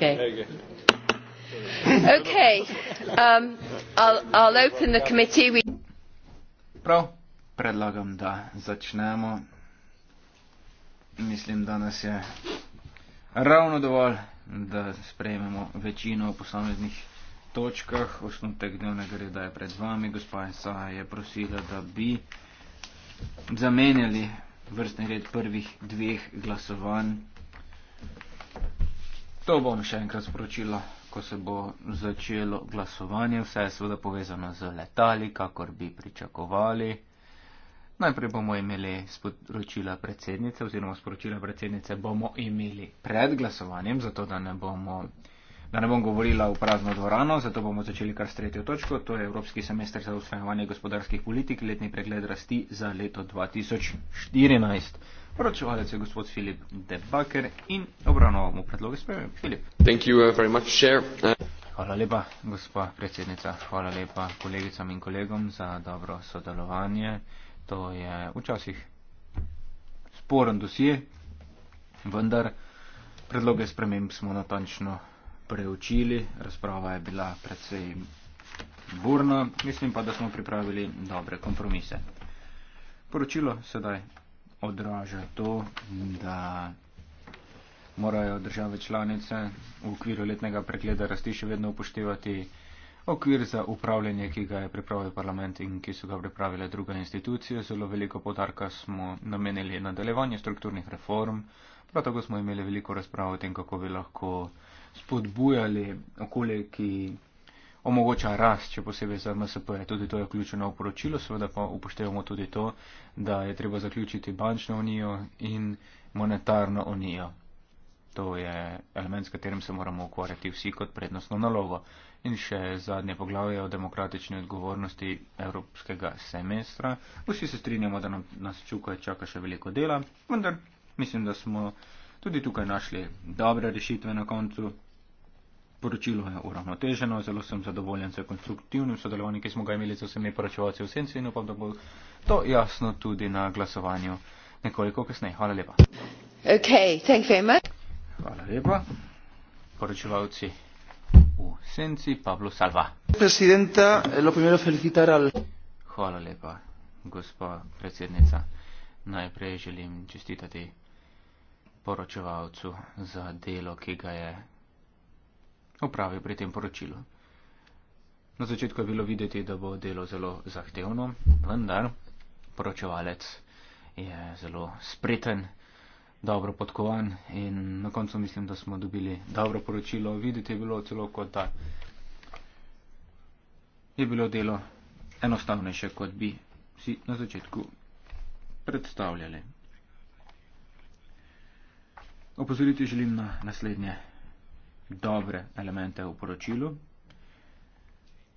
Um, Prav, predlagam, da začnemo. Mislim, da nas je ravno dovolj, da sprejmemo večino v posameznih točkah. Osnutek dnevnega reda je pred vami. Gospa Esa je prosila, da bi zamenjali vrstni red prvih dveh glasovanj. To bom še enkrat sporočila, ko se bo začelo glasovanje. Vse je seveda povezano z letali, kakor bi pričakovali. Najprej bomo imeli sporočila predsednice, oziroma sporočila predsednice bomo imeli pred glasovanjem, zato da ne, bomo, da ne bom govorila v prazno dvorano, zato bomo začeli kar s tretjo točko, to je Evropski semester za usvajanje gospodarskih politik, letni pregled rasti za leto 2014. Poročevalec je gospod Filip Debaker in obravnavamo predloge spremem. Filip. Thank you uh, very much, Chair. Uh, Hvala lepa, gospa predsednica. Hvala lepa kolegicam in kolegom za dobro sodelovanje. To je včasih sporen dosije, vendar predloge sprememb smo natančno preučili. Razprava je bila predvsej burna, mislim pa, da smo pripravili dobre kompromise. Poročilo sedaj odraža to, da morajo države članice v okviru letnega pregleda rasti še vedno upoštevati okvir za upravljanje, ki ga je pripravil parlament in ki so ga pripravile druge institucije. Zelo veliko podarka smo namenili nadaljevanju strukturnih reform, prav tako smo imeli veliko razprav o tem, kako bi lahko spodbujali okolje, ki omogoča rast, če posebej za MSP. Tudi to je vključeno v poročilo, seveda pa upoštevamo tudi to, da je treba zaključiti bančno unijo in monetarno unijo. To je element, s katerim se moramo ukvarjati vsi kot prednostno nalogo. In še zadnje poglavje o demokratični odgovornosti evropskega semestra. Vsi se strinjamo, da nam, nas čuka, čaka še veliko dela, vendar mislim, da smo tudi tukaj našli dobre rešitve na koncu poročilo je uravnoteženo, zelo sem zadovoljen z za konstruktivnim sodelovanjem, ki smo ga imeli z vsemi poročevalci v senci in upam, da bo to jasno tudi na glasovanju nekoliko kasneje. Hvala lepa. Okay, Hvala lepa. Poročevalci v senci, Pablo Salva. Eh, Hvala lepa, gospa predsednica. Najprej želim čestitati poročevalcu za delo, ki ga je upravi pri tem poročilu. Na začetku je bilo videti, da bo delo zelo zahtevno, vendar poročevalec je zelo spreten, dobro podkovan in na koncu mislim, da smo dobili dobro poročilo. Videti je bilo celo kot da je bilo delo enostavnejše, kot bi si na začetku predstavljali. Opozoriti želim na naslednje dobre elemente v poročilu,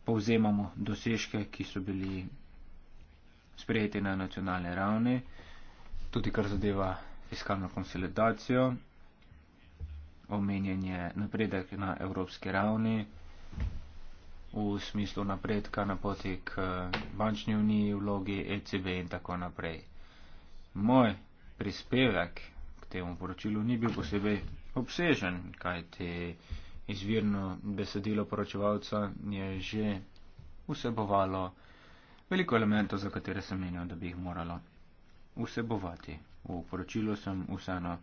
povzemamo dosežke, ki so bili sprejeti na nacionalne ravni, tudi kar zadeva fiskalno konsolidacijo, omenjanje napredek na evropski ravni v smislu napredka na poti k eh, bančni uniji, vlogi ECB in tako naprej. Moj prispevek k temu poročilu ni bil posebej obsežen, kaj te izvirno besedilo poročevalca je že vsebovalo veliko elementov, za katere sem menil, da bi jih moralo vsebovati. V poročilo sem vseeno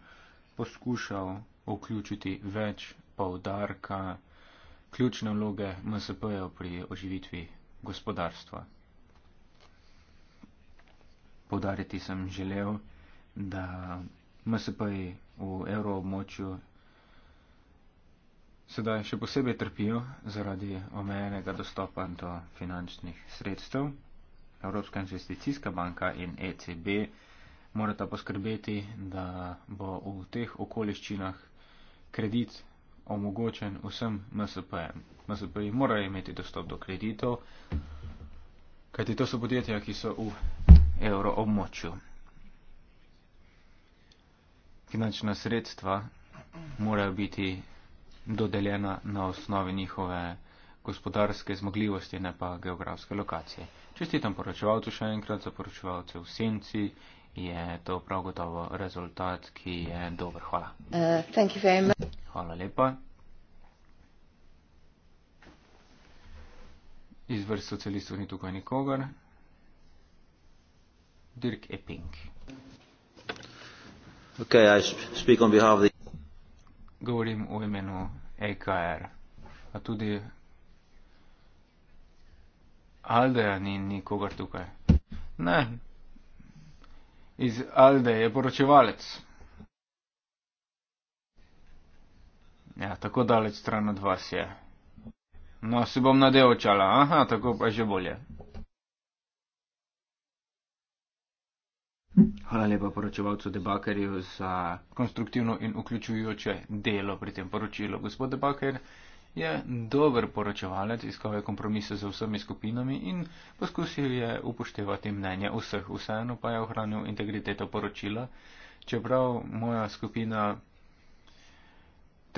poskušal vključiti več povdarka ključne vloge MSP-jev pri oživitvi gospodarstva. Povdariti sem želel, da MSP-ji v evroobmočju sedaj še posebej trpijo zaradi omejenega dostopa do finančnih sredstev. Evropska investicijska banka in ECB morata poskrbeti, da bo v teh okoliščinah kredit omogočen vsem MSP-jem. MSP-ji morajo imeti dostop do kreditov, kajti to so podjetja, ki so v evroobmočju. Finančna sredstva morajo biti dodeljena na osnovi njihove gospodarske zmogljivosti, ne pa geografske lokacije. Čestitam poročevalcu še enkrat, za poročevalce v Senci je to prav gotovo rezultat, ki je dober. Hvala. Uh, Hvala lepa. Iz vrst socialistov ni tukaj nikogar. Dirk Epping. Okay, I speak on behalf of the govorim v imenu AKR, pa tudi Aldeja ni nikogar tukaj. Ne, iz Alde je poročevalec. Ja, tako daleč stran od vas je. No, si bom nadevčala, aha, tako pa je že bolje. Hvala lepa poročevalcu Debakarju za konstruktivno in vključujoče delo pri tem poročilu. Gospod Debaker je dober poročevalec, iskal je kompromise z vsemi skupinami in poskusil je upoštevati mnenje vseh, vseeno pa je ohranil integriteto poročila, čeprav moja skupina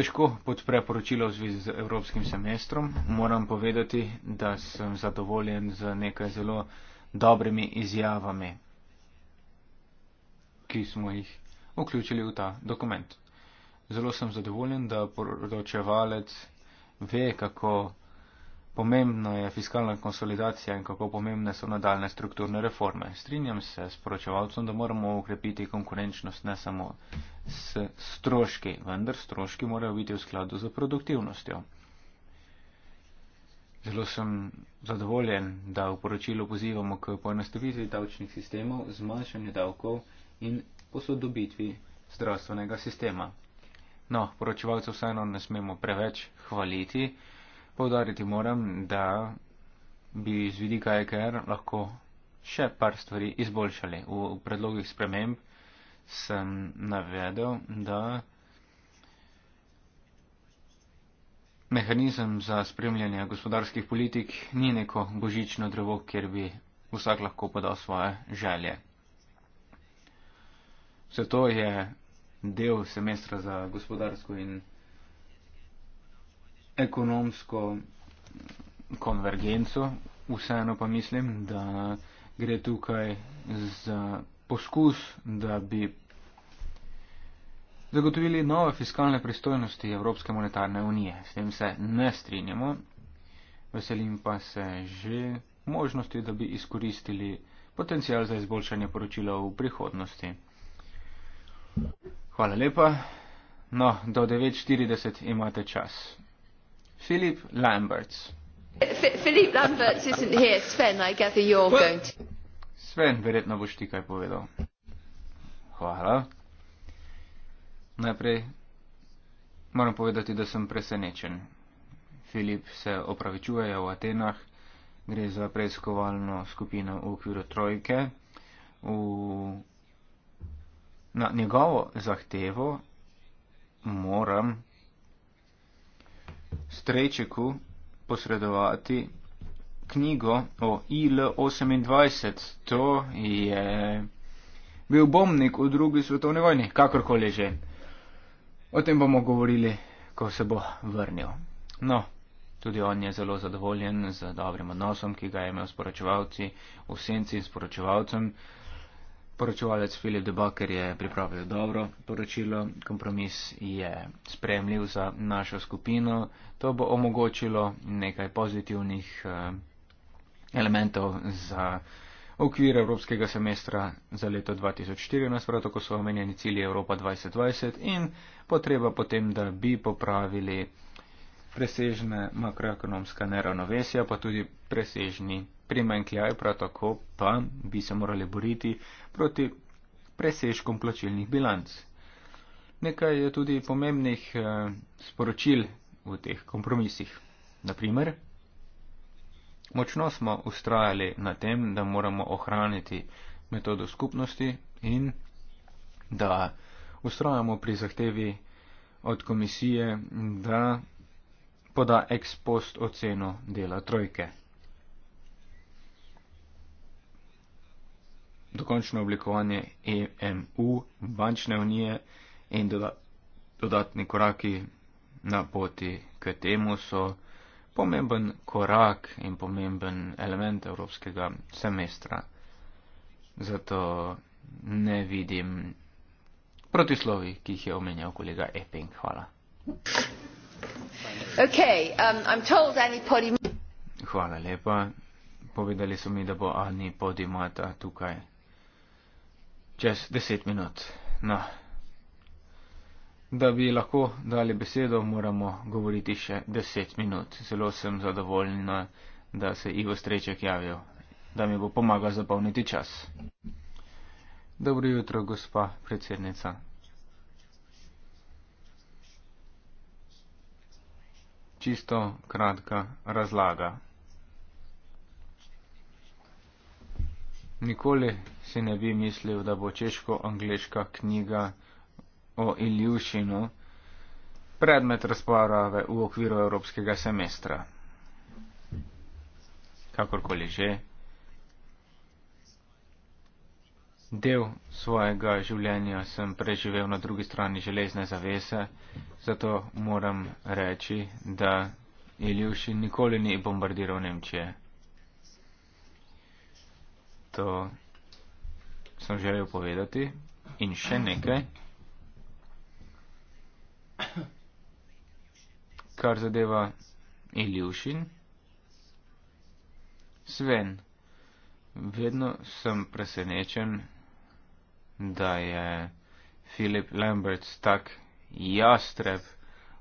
težko podpre poročilo v zvezi z evropskim semestrom. Moram povedati, da sem zadovoljen z nekaj zelo dobrimi izjavami ki smo jih vključili v ta dokument. Zelo sem zadovoljen, da poročevalec ve, kako pomembna je fiskalna konsolidacija in kako pomembne so nadaljne strukturne reforme. Strinjam se s poročevalcem, da moramo ukrepiti konkurenčnost ne samo s stroški, vendar stroški morajo biti v skladu z produktivnostjo. Zelo sem zadovoljen, da v poročilu pozivamo k poenostavitvi davčnih sistemov, zmanjšanju davkov in posodobitvi zdravstvenega sistema. No, poročevalcev vseeno ne smemo preveč hvaliti. Povdariti moram, da bi z vidika EKR lahko še par stvari izboljšali. V predlogih sprememb sem navedel, da mehanizem za spremljanje gospodarskih politik ni neko božično drevo, kjer bi vsak lahko podal svoje želje. Vse to je del semestra za gospodarsko in ekonomsko konvergenco. Vseeno pa mislim, da gre tukaj za poskus, da bi zagotovili nove fiskalne pristojnosti Evropske monetarne unije. S tem se ne strinjamo. Veselim pa se že možnosti, da bi izkoristili potencial za izboljšanje poročila v prihodnosti. Hvala lepa. No, do 9.40 imate čas. Philip Lamberts. Philip Lamberts isn't here. Sven, I gather you're What? going to... Sven, verjetno boš ti kaj povedal. Hvala. Najprej moram povedati, da sem presenečen. Filip se opravičuje v Atenah, gre za preiskovalno skupino v okviru trojke. V Na njegovo zahtevo moram strečeku posredovati knjigo o IL-28. To je bil bombnik v drugi svetovni vojni, kakorkoli že. O tem bomo govorili, ko se bo vrnil. No, tudi on je zelo zadovoljen z dobrim odnosom, ki ga je imel s poročevalci, v senci in s poročevalcem poročevalec Filip Debaker je pripravil dobro poročilo, kompromis je spremljiv za našo skupino, to bo omogočilo nekaj pozitivnih eh, elementov za okvir evropskega semestra za leto 2014, prav tako so omenjeni cilji Evropa 2020 in potreba potem, da bi popravili presežne makroekonomska neravnovesja, pa tudi presežni primankljaj, prav tako pa bi se morali boriti proti presežkom plačilnih bilanc. Nekaj je tudi pomembnih eh, sporočil v teh kompromisih. Naprimer, močno smo ustrajali na tem, da moramo ohraniti metodo skupnosti in da ustrajamo pri zahtevi od komisije, da poda ex post oceno dela trojke. Dokončno oblikovanje EMU, bančne unije in dodatni koraki na poti k temu so pomemben korak in pomemben element evropskega semestra. Zato ne vidim protislovi, ki jih je omenjal kolega Eping. Hvala. Um, Hvala lepa. Povedali so mi, da bo Ani Podimata tukaj čez deset minut. No. Da bi lahko dali besedo, moramo govoriti še deset minut. Zelo sem zadovoljna, da se Ivo Streček javil, da mi bo pomagal zapolniti čas. Dobro jutro, gospa predsednica. čisto kratka razlaga. Nikoli si ne bi mislil, da bo češko-angliška knjiga o Iljušinu predmet razprave v okviru evropskega semestra. Kakorkoli že. Del svojega življenja sem preživel na drugi strani železne zavese, zato moram reči, da Iljuši nikoli ni bombardiral Nemčije. To sem želel povedati. In še nekaj, kar zadeva Iljušin. Sven, vedno sem presenečen, da je Filip Lambert tak jastreb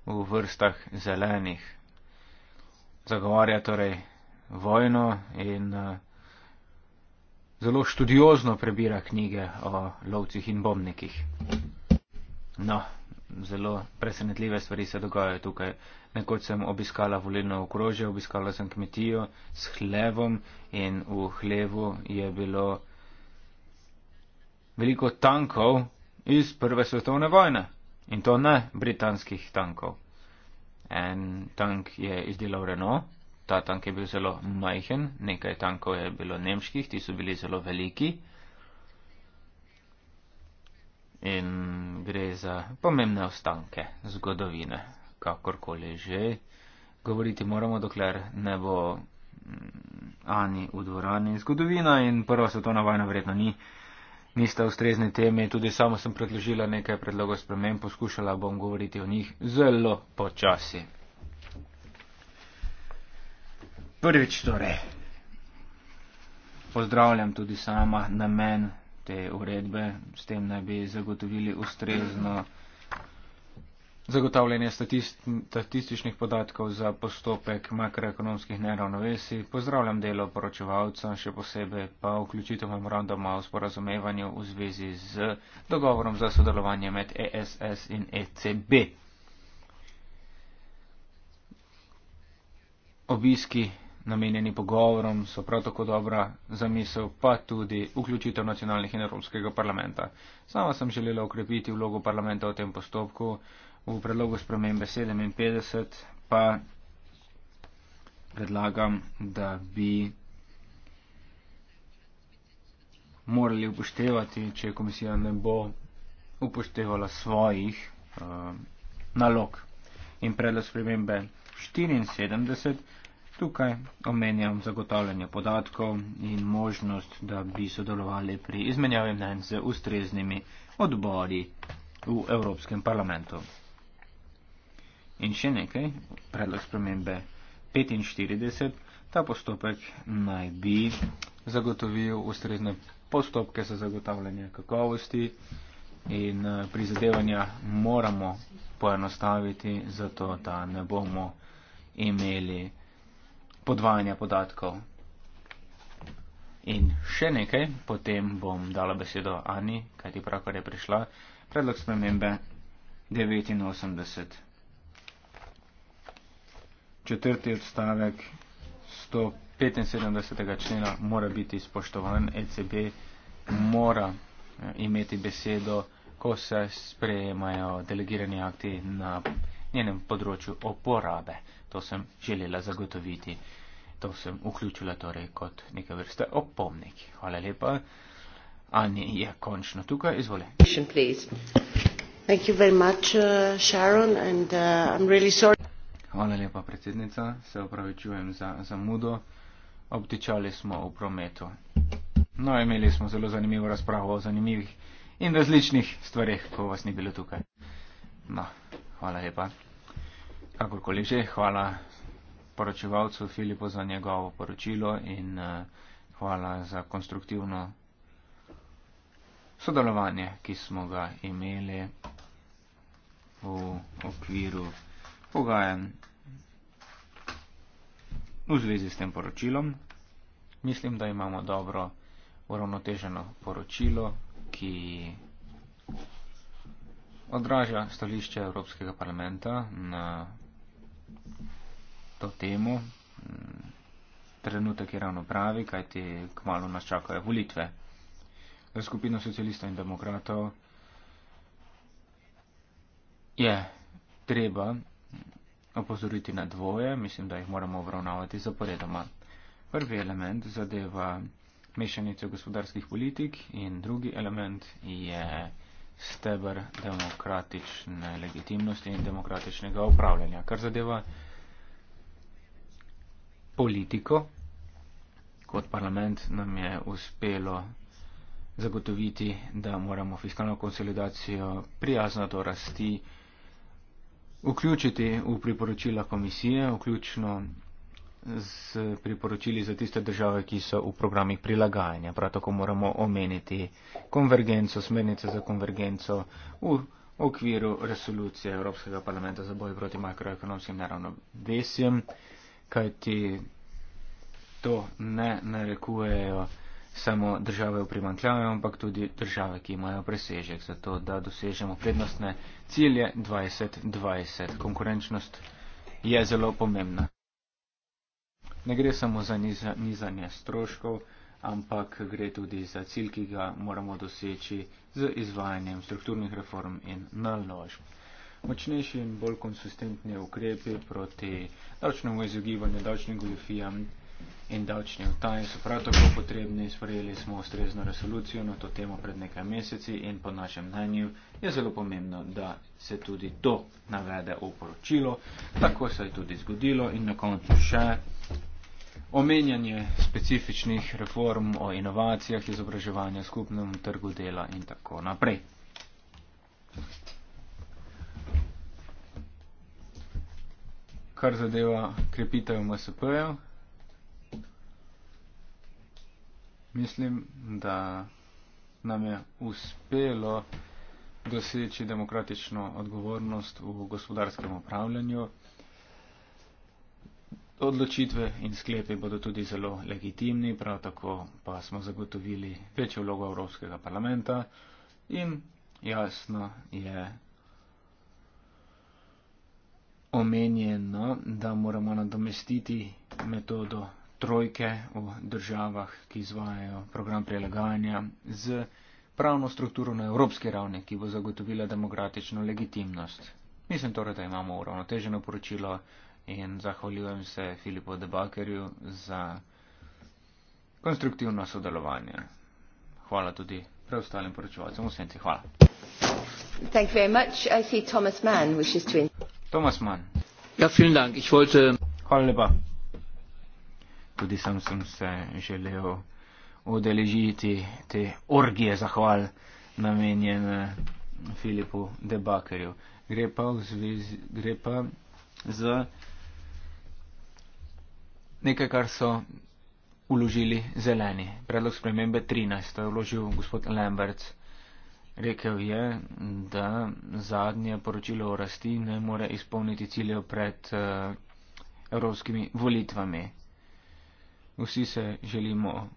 v vrstah zelenih. Zagovarja torej vojno in eh, zelo študiozno prebira knjige o lovcih in bombnikih. No, zelo presenetljive stvari se dogajajo tukaj. Nekoč sem obiskala volilno okrožje, obiskala sem kmetijo s hlevom in v hlevu je bilo veliko tankov iz Prve svetovne vojne in to ne britanskih tankov. En tank je izdelal Renault, ta tank je bil zelo majhen, nekaj tankov je bilo nemških, ti so bili zelo veliki. In gre za pomembne ostanke zgodovine, kakorkoli že. Govoriti moramo, dokler ne bo mm, Ani v dvorani zgodovina in prva svetovna vojna verjetno ni nista ustrezni temi. Tudi sama sem predložila nekaj predlogov spremen, poskušala bom govoriti o njih zelo počasi. Prvič torej. Pozdravljam tudi sama namen te uredbe, s tem naj bi zagotovili ustrezno zagotavljanje statističnih podatkov za postopek makroekonomskih neravnovesij, pozdravljam delo poročevalca, še posebej pa vključitev memorandoma o sporazumevanju v zvezi z dogovorom za sodelovanje med ESS in ECB. Obiski namenjeni pogovorom so prav tako dobra zamisel, pa tudi vključitev nacionalnih in evropskega parlamenta. Sama sem želela ukrepiti vlogo parlamenta v tem postopku, v predlogu spremembe 57 pa predlagam, da bi morali upoštevati, če komisija ne bo upoštevala svojih uh, nalog. In predlog spremembe 74, tukaj omenjam zagotavljanje podatkov in možnost, da bi sodelovali pri izmenjavi mnen z ustreznimi odbori v Evropskem parlamentu. In še nekaj, predlog spremembe 45, ta postopek naj bi zagotovil ustrezne postopke za zagotavljanje kakovosti in eh, prizadevanja moramo poenostaviti, zato da ne bomo imeli podvajanja podatkov. In še nekaj, potem bom dala besedo Ani, kajti pravkar je prišla, predlog spremembe 89 četrti odstavek 175. člena mora biti spoštovan, ECB mora eh, imeti besedo, ko se sprejemajo delegirani akti na njenem področju oporabe. To sem želela zagotoviti, to sem vključila torej kot neke vrste opomnik. Hvala lepa. Ani je končno tukaj, izvoli. Thank you very much, uh, Sharon, and uh, I'm really sorry. Hvala lepa, predsednica. Se opravičujem za zamudo. Obtičali smo v prometu. No, imeli smo zelo zanimivo razpravo o zanimivih in različnih stvarih, ko vas ni bilo tukaj. No, hvala lepa. Kakorkoli že, hvala poročevalcu Filipu za njegovo poročilo in uh, hvala za konstruktivno sodelovanje, ki smo ga imeli v okviru pogajanj v zvezi s tem poročilom. Mislim, da imamo dobro uravnoteženo poročilo, ki odraža stališče Evropskega parlamenta na to temo. Trenutek je ravno pravi, kajti kmalo nas čakajo volitve. Za skupino socialistov in demokratov je treba opozoriti na dvoje, mislim, da jih moramo obravnavati zaporedoma. Prvi element zadeva mešanico gospodarskih politik in drugi element je stebr demokratične legitimnosti in demokratičnega upravljanja. Kar zadeva politiko, kot parlament nam je uspelo zagotoviti, da moramo fiskalno konsolidacijo prijazno do rasti vključiti v priporočila komisije, vključno z priporočili za tiste države, ki so v programih prilagajanja. Prav tako moramo omeniti konvergenco, smernice za konvergenco v okviru resolucije Evropskega parlamenta za boj proti makroekonomskim neravnovesjem, kajti to ne narekujejo samo države v primankljaju, ampak tudi države, ki imajo presežek za to, da dosežemo prednostne cilje 2020. Konkurenčnost je zelo pomembna. Ne gre samo za niza, nizanje stroškov, ampak gre tudi za cilj, ki ga moramo doseči z izvajanjem strukturnih reform in naložb. Močnejši in bolj konsistentni ukrepi proti davčnemu izogibanju, davčnim goljofijam in davčni vtaji so prav tako potrebni. Sprejeli smo ustrezno resolucijo na to temo pred nekaj meseci in po našem mnenju je zelo pomembno, da se tudi to navede v poročilo. Tako se je tudi zgodilo in na koncu še omenjanje specifičnih reform o inovacijah, izobraževanju, skupnem trgu dela in tako naprej. Kar zadeva krepitev MSP-jev, Mislim, da nam je uspelo doseči demokratično odgovornost v gospodarskem upravljanju. Odločitve in sklepe bodo tudi zelo legitimni, prav tako pa smo zagotovili večjo vlogo Evropskega parlamenta in jasno je omenjeno, da moramo nadomestiti metodo trojke o državah, ki izvajajo program prelagajanja z pravno strukturo na evropski ravni, ki bo zagotovila demokratično legitimnost. Mislim torej, da imamo uravnoteženo poročilo in zahvaljujem se Filipu Debakerju za konstruktivno sodelovanje. Hvala tudi preostalim poročevalcem v senci. Hvala. Thomas Mann. Ja, Hvala lepa tudi sam sem se želel odeležiti te orgije zahval namenjene eh, Filipu Debakerju. Gre pa, zvezi, gre pa za nekaj, kar so uložili zeleni. Predlog spremembe 13. To je vložil gospod Lamberts. Rekel je, da zadnje poročilo o rasti ne more izpolniti ciljev pred uh, evropskimi volitvami vsi se želimo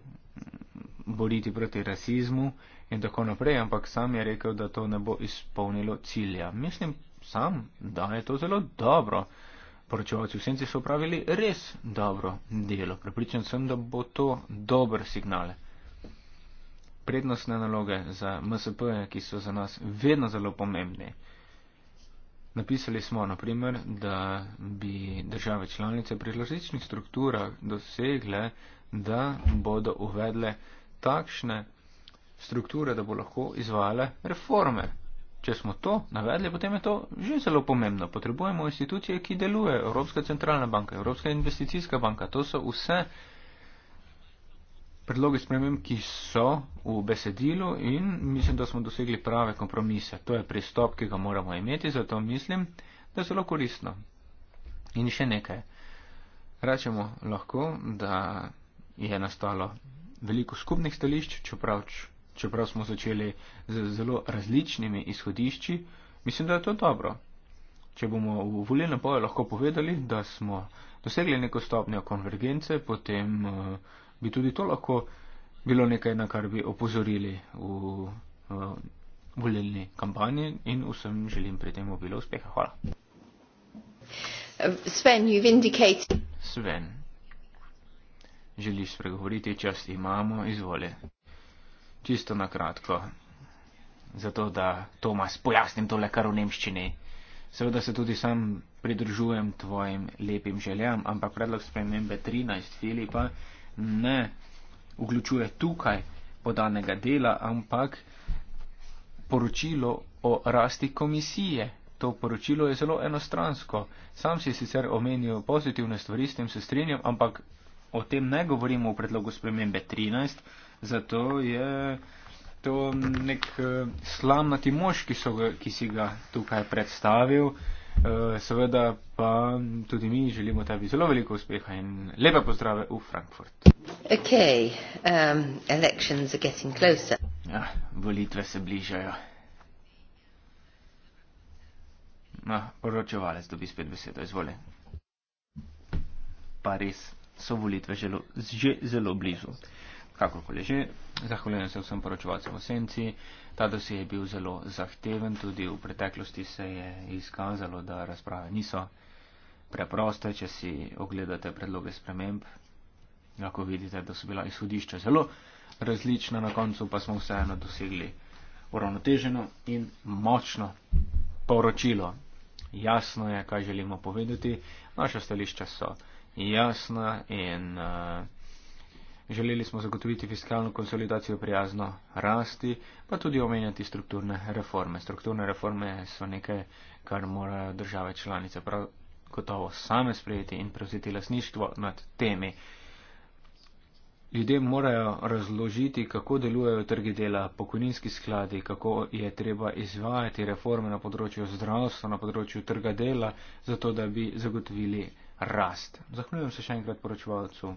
boriti proti rasizmu in tako naprej, ampak sam je rekel, da to ne bo izpolnilo cilja. Mislim sam, da je to zelo dobro. Poročevalci v senci so upravili res dobro delo. Prepričan sem, da bo to dober signal. Prednostne naloge za MSP, ki so za nas vedno zelo pomembne. Napisali smo, naprimer, da bi države članice pri različnih strukturah dosegle, da bodo uvedle takšne strukture, da bo lahko izvajale reforme. Če smo to navedli, potem je to že zelo pomembno. Potrebujemo institucije, ki delujejo. Evropska centralna banka, Evropska investicijska banka, to so vse predloge sprememb, ki so v besedilu in mislim, da smo dosegli prave kompromise. To je pristop, ki ga moramo imeti, zato mislim, da je zelo koristno. In še nekaj. Rečemo lahko, da je nastalo veliko skupnih stališč, čeprav, čeprav smo začeli z zelo različnimi izhodišči, mislim, da je to dobro. Če bomo v volilnem boju lahko povedali, da smo dosegli neko stopnjo konvergence, potem uh, bi tudi to lahko bilo nekaj, na kar bi opozorili v eh, volilni kampanji in vsem želim pri tem obilo uspeha. Hvala. Sven, you've indicated. Sven, želiš spregovoriti, čas imamo, izvoli. Čisto na kratko, zato da Tomas pojasnim tole kar v nemščini. Seveda se tudi sam pridružujem tvojim lepim željam, ampak predlog spremembe 13 Filipa ne vključuje tukaj podanega dela, ampak poročilo o rasti komisije. To poročilo je zelo enostransko. Sam si sicer omenil pozitivne stvari, s tem se strinjam, ampak o tem ne govorimo v predlogu spremembe 13, zato je to nek eh, slamnati mož, ki, so, ki si ga tukaj predstavil. Eh, seveda pa tudi mi želimo tebi zelo veliko uspeha in lepe pozdrave v Frankfurt. Okay, um, elections are getting closer. Ja, volitve se bližajo. No, poročevalec dobi spet besedo, izvoli. Pa res, so volitve že zelo blizu. Uh, kakorkoli že, zahvaljujem se vsem poročevalcem v senci. Ta dosej je bil zelo zahteven, tudi v preteklosti se je izkazalo, da razprave niso preproste. Če si ogledate predloge sprememb, lahko vidite, da so bila izhodišča zelo različna, na koncu pa smo vseeno dosegli uravnoteženo in močno poročilo. Jasno je, kaj želimo povedati, naša stališča so jasna in. Uh, Želeli smo zagotoviti fiskalno konsolidacijo prijazno rasti, pa tudi omenjati strukturne reforme. Strukturne reforme so nekaj, kar morajo države članice prav gotovo same sprejeti in prevzeti lasništvo nad temi. Ljudje morajo razložiti, kako delujejo trgi dela, pokojninski skladi, kako je treba izvajati reforme na področju zdravstva, na področju trga dela, zato da bi zagotovili rast. Zahvaljujem se še enkrat poročevalcu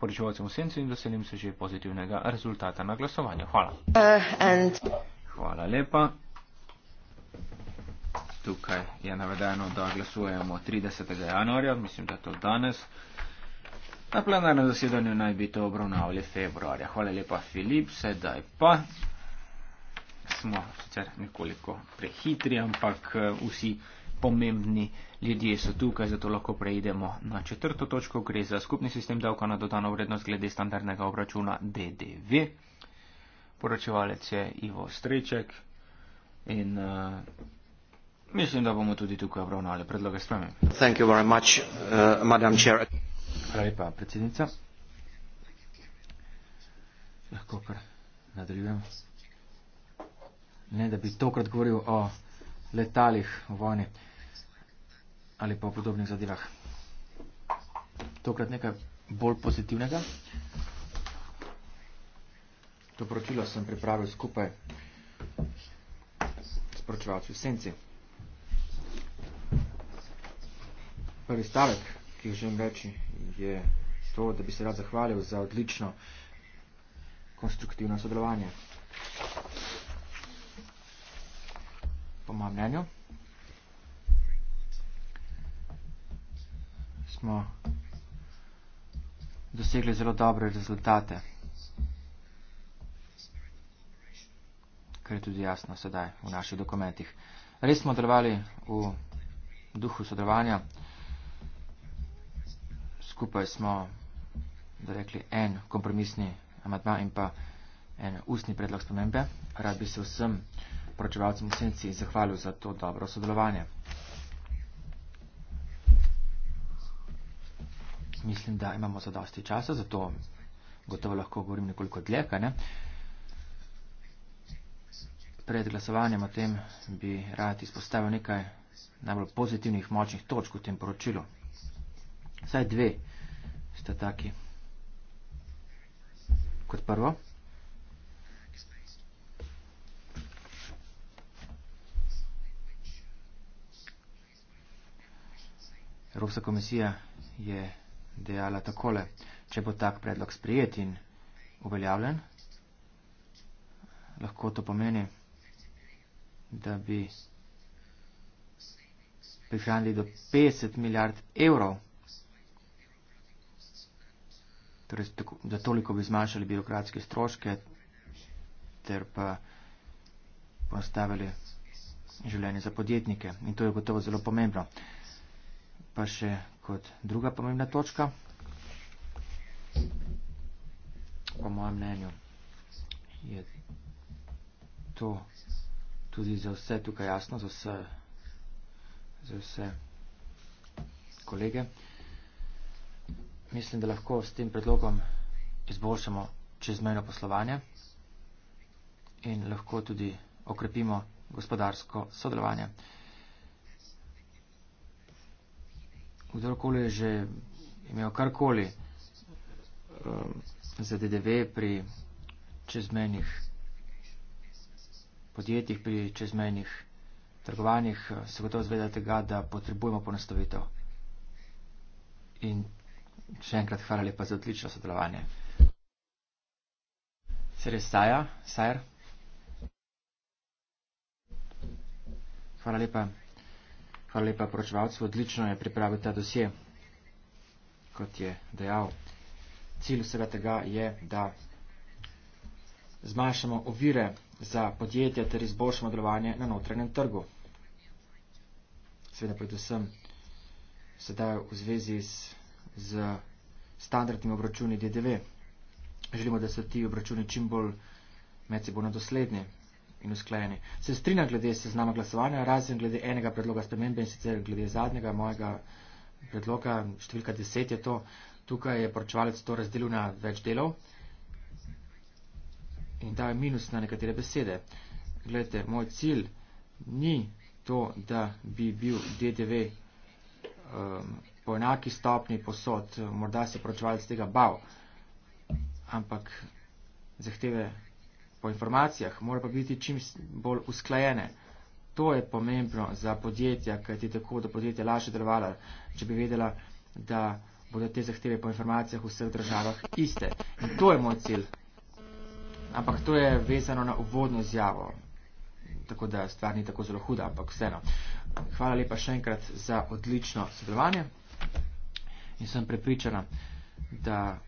poročevalcem v senci in veselim se že pozitivnega rezultata na glasovanju. Hvala. Uh, and... Hvala lepa. Tukaj je navedeno, da glasujemo 30. januarja, mislim, da je to danes. Na plenarnem zasedanju naj bi to obravnavali februarja. Hvala lepa, Filip, sedaj pa smo sicer nekoliko prehitri, ampak uh, vsi pomembni ljudje so tukaj, zato lahko preidemo na četrto točko, gre za skupni sistem davka na dodano vrednost glede standardnega obračuna DDV. Poročevalec je Ivo Streček in uh, mislim, da bomo tudi tukaj obravnali predloge spremem. Thank you very much, uh, Madam Chair. Hvala lepa, predsednica. Lahko kar nadaljujem. Ne, da bi tokrat govoril o letalih v vojni. Uh, ali pa o podobnih zadevah. Tokrat nekaj bolj pozitivnega. To poročilo sem pripravil skupaj s poročevalci v Senci. Prvi stavek, ki jo želim reči, je to, da bi se rad zahvalil za odlično konstruktivno sodelovanje. Po mojem mnenju. smo dosegli zelo dobre rezultate, kar je tudi jasno sedaj v naših dokumentih. Res smo delovali v duhu sodelovanja, skupaj smo, da rekli, en kompromisni amatma in pa en ustni predlog spomembe. Rad bi se vsem poročevalcem v senci zahvalil za to dobro sodelovanje. mislim, da imamo za dosti časa, zato gotovo lahko govorim nekoliko dlje, kaj ne. Pred glasovanjem o tem bi rad izpostavil nekaj najbolj pozitivnih močnih točk v tem poročilu. Saj dve sta taki. Kot prvo, Evropska komisija je dejala takole, če bo tak predlog sprijet in uveljavljen, lahko to pomeni, da bi prihranili do 50 milijard evrov. Torej, da toliko bi zmanjšali birokratske stroške ter pa postavili življenje za podjetnike. In to je gotovo zelo pomembno pa še kot druga pomembna točka, po mojem mnenju, je to tudi za vse tukaj jasno, za vse, za vse kolege. Mislim, da lahko s tem predlogom izboljšamo čezmejno poslovanje in lahko tudi okrepimo gospodarsko sodelovanje. kdorkoli je že imel karkoli um, za DDV pri čezmenih podjetjih, pri čezmenih trgovanjih, uh, se gotovo zveda tega, da potrebujemo ponastavitev. In še enkrat hvala lepa za odlično sodelovanje. Se res Saja, Sajer? Hvala lepa. Hvala lepa poročevalcu, odlično je pripravil ta dosje, kot je dejal. Cilj vsega tega je, da zmanjšamo ovire za podjetja ter izboljšamo delovanje na notranjem trgu. Seveda predvsem sedaj v zvezi z, z standardnimi obračuni DDV. Želimo, da so ti obračuni čim bolj medsebojno dosledni, in usklajeni. Se strinja glede seznama glasovanja, razen glede enega predloga spremembe in sicer glede zadnjega mojega predloga, številka 10 je to. Tukaj je poročevalec to razdelil na več delov in dal minus na nekatere besede. Glede, moj cilj ni to, da bi bil DDV um, po enaki stopni posod, morda se poročevalec tega bav, ampak zahteve po informacijah, mora pa biti čim bolj usklajene. To je pomembno za podjetja, kaj ti tako, da podjetja lažje delovala, če bi vedela, da bodo te zahteve po informacijah v vseh državah iste. In to je moj cilj. Ampak to je vezano na uvodno izjavo, tako da stvar ni tako zelo huda, ampak vseeno. Hvala lepa še enkrat za odlično sodelovanje in sem prepričana, da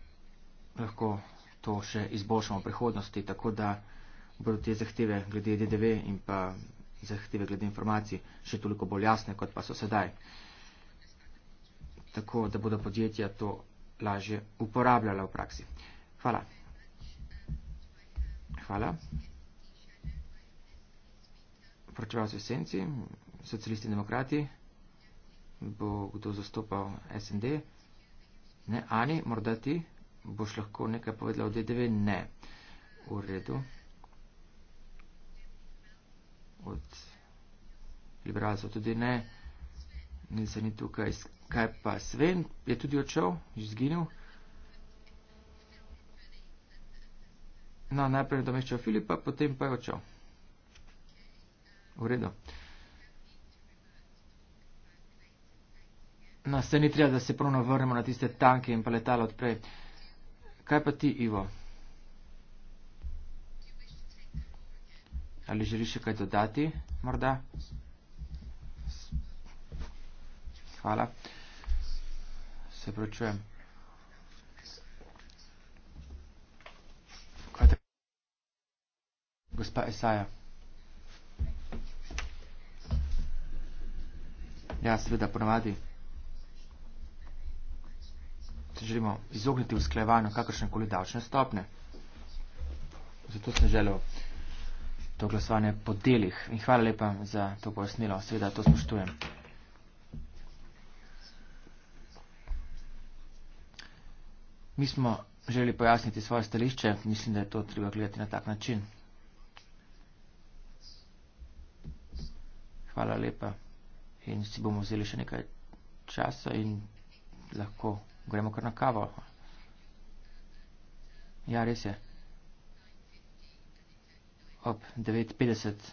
lahko to še izboljšamo v prihodnosti, tako da bodo te zahteve glede DDV in pa zahteve glede informacij še toliko bolj jasne, kot pa so sedaj. Tako da bodo podjetja to lažje uporabljala v praksi. Hvala. Hvala. Pročeval se v senci, socialisti in demokrati. Bo kdo zastopal SND? Ne, Ani, morda ti boš lahko nekaj povedala o DDV? Ne. V redu. Od liberalcev tudi ne. Nisem ni tukaj. Kaj pa Sven? Je tudi odšel? Izginil? No, najprej je domeščal Filipa, potem pa je odšel. V redu. No, se ni treba, da se ponovno vrnemo na tiste tanke in pa letalo odprej. Uh, Kaj pa ti, Ivo? Ali želiš še kaj dodati, morda? Hvala. Se pravčujem. Kaj te... Gospa Esaja. Ja, sveda, ponovadi. Hvala želimo izogniti usklajevanju kakršne koli davčne stopne. Zato sem želel to glasovanje po delih in hvala lepa za to pojasnilo. Seveda to spoštujem. Mi smo želeli pojasniti svoje stališče, mislim, da je to treba gledati na tak način. Hvala lepa in si bomo vzeli še nekaj časa in lahko. Gremo kar na kavo. Ja, res je. Ob 9.50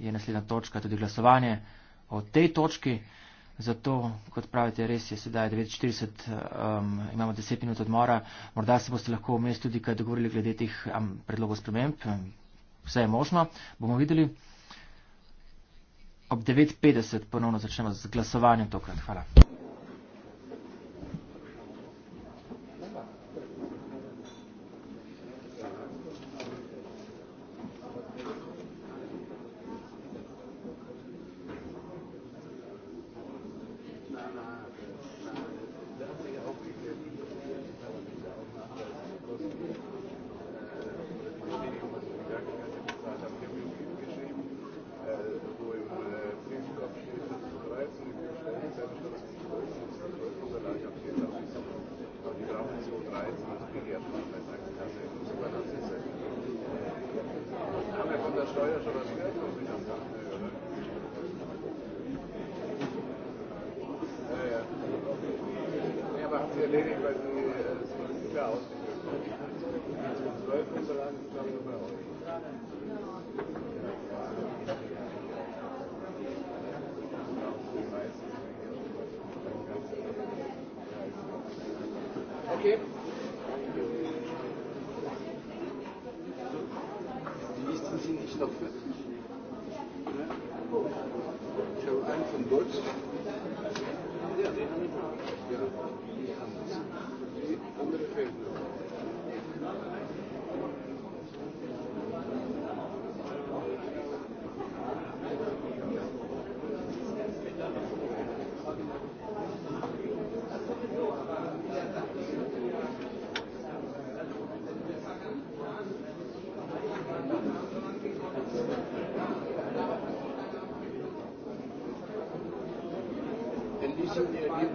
je naslednja točka tudi glasovanje o tej točki. Zato, kot pravite, res je sedaj 9.40, um, imamo 10 minut odmora. Morda se boste lahko vmes tudi kaj dogovorili glede teh um, predlogov sprememb. Um, vse je možno. Bomo videli. Ob 9.50 ponovno začnemo z glasovanjem tokrat. Hvala.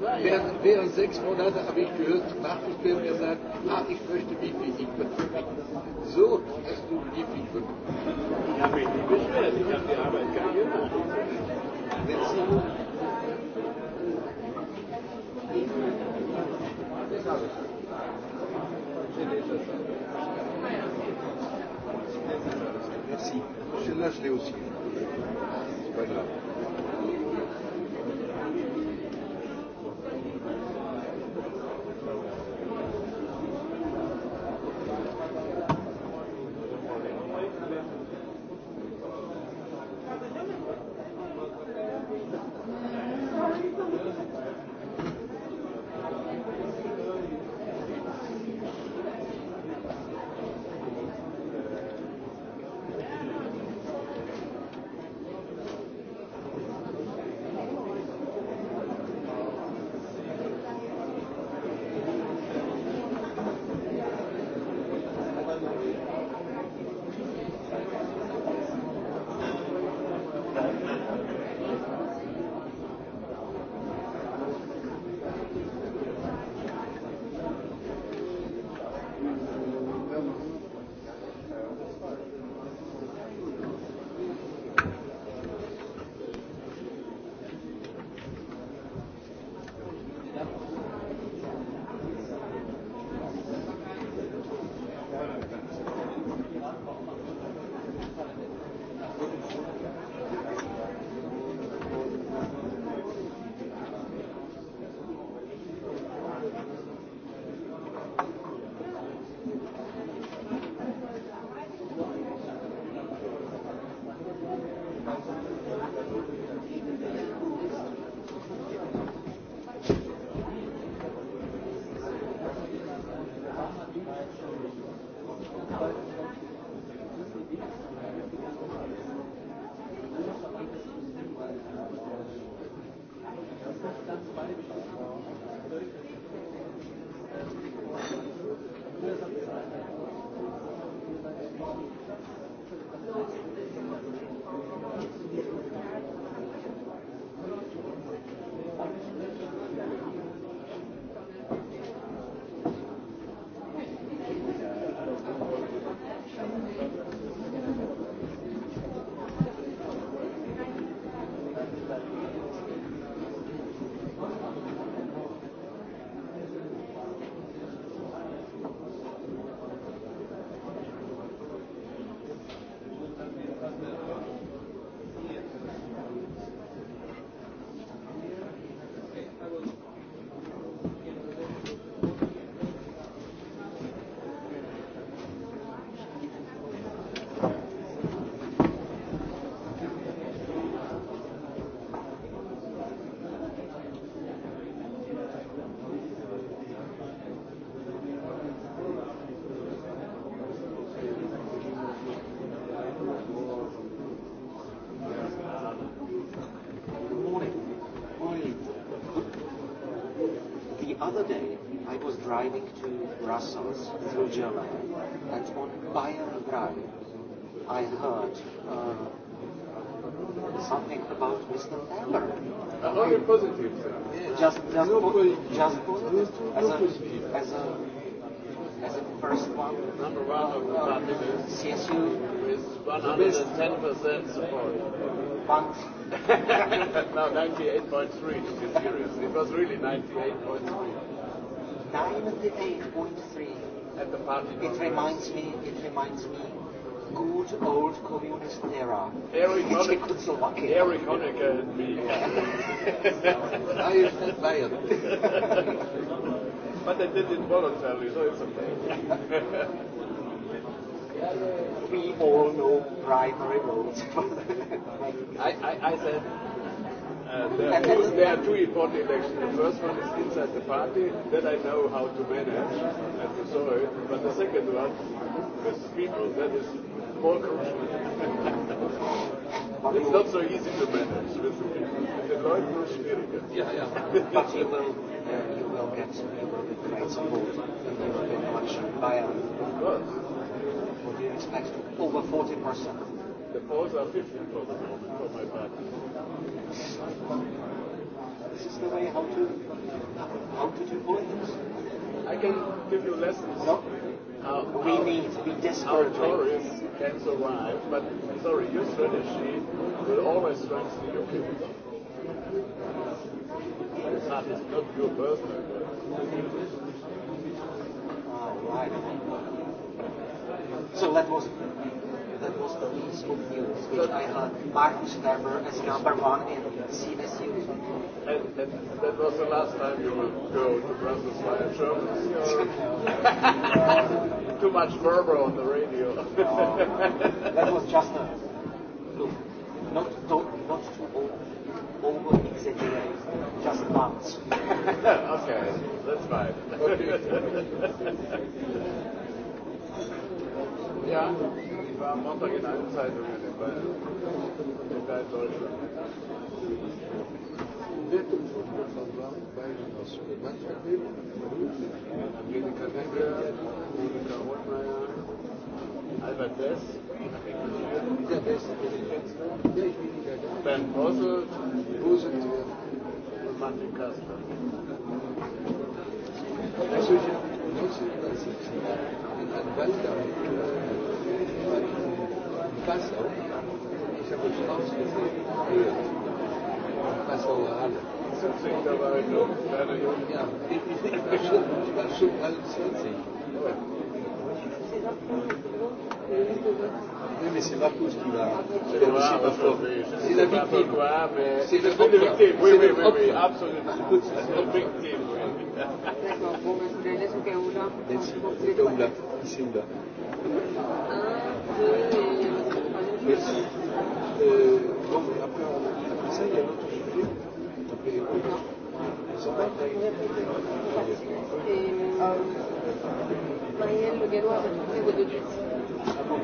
Während, während sechs Monate habe ich gehört, Nachrichten mir gesagt, ah, ich möchte wie viel ich So hast du wie viel Ich habe mich nicht beschwert, ich habe die Arbeit gar nicht gemacht. Merci. Celle-là, je l'ai aussi. C'est pas grave. about Mr. Palmer. A lot of positives. Just, just, no po positive. just positive. No, no, no, no, as a, positive. As a, as a first one. Number one of the candidates. Uh, CSU. With 110% support. But. no, 98.3 to be serious. It was really 98.3. 98.3. At the party. It reminds me. It reminds me good old communist era. Very it's a good Slovakia. Very conic and me. I used to play it. But I did it voluntarily, so it's okay. we all know primary votes. I, I, I said. Uh, there, are two, there are two important elections. The first one is inside the party, that I know how to manage and to solve it. But the second one, with people, that is more crucial. it's not so easy to manage with the light blue spirit. Yeah, yeah. but you will, uh, you will get you will get great support and you will be much higher. Of course. What do you expect? Over 40%. The polls are 15 for the moment for my party. this is the way how to, how to do politics. I can give you lessons. No uh, we need to be desperate. Our tour is can survive, but sorry, your strategy will always strengthen your people. That is not your personal. Oh, right. So that was that was the least good news, which I had Martin Schneber as number one in CSU. And, and that was the last time you will go to Brussels by a show. Too much verbal on the radio. no, that was just a look. Not, don't, not too over exaggerated, just once. okay, that's fine. Okay. yeah. Ich war am Montag in allen Zeitungen in Bayern. In Bayern Deutschland. Angelika Denker, Monika Rothmeier, Albert Dess, der beste Ben Bossel, Busen und Martin Kastner. C'est le victime, oui, oui, oui, oui, absolument. C'est le victime, oui. Ok, oula. Enfin, c'est oula. Ici, oula. 1, 2 et. Merci. Euh, bon, mais après, on a dit ça, il y a un autre sujet. Donc, les oui. Ils sont pas Et. Marielle Le Gallois va tout faire de suite. Ah bon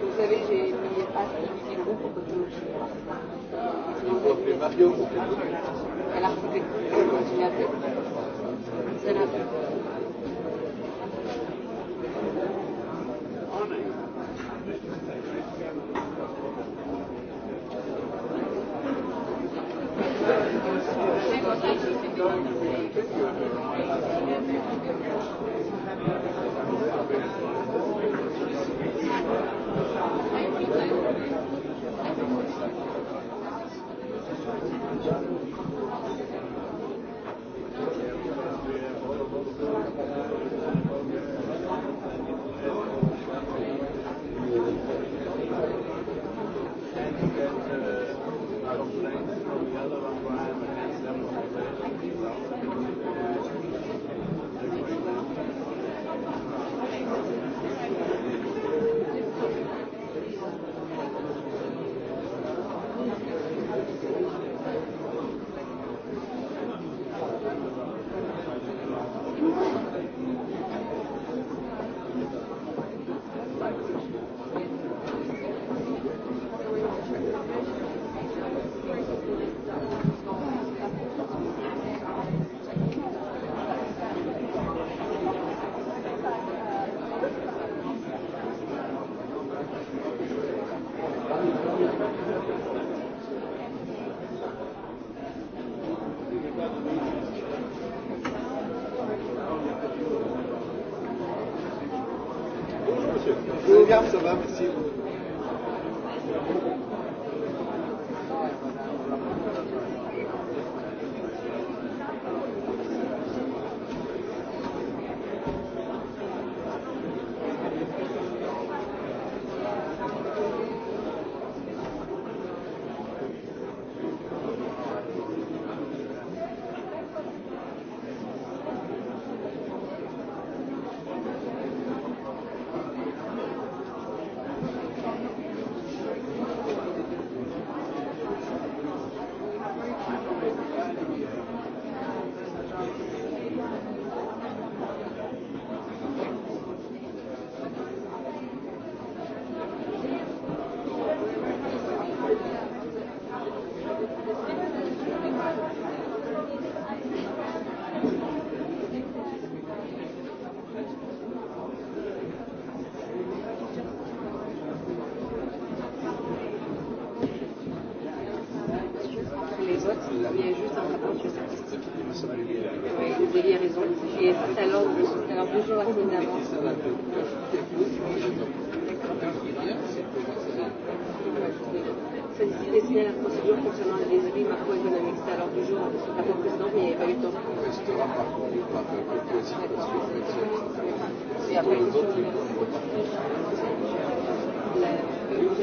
Vous savez, j'ai mis pas ce petit groupe pour que je ne le fasse pas. Il faut appeler Mario pour que je le fasse. Elle a refusé. Elle continue à faire sit up. Thank you.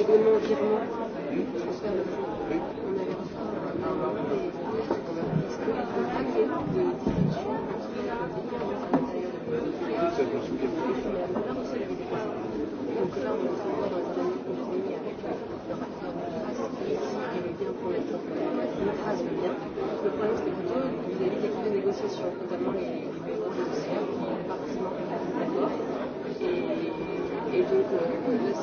complètement entièrement. Et donc, euh,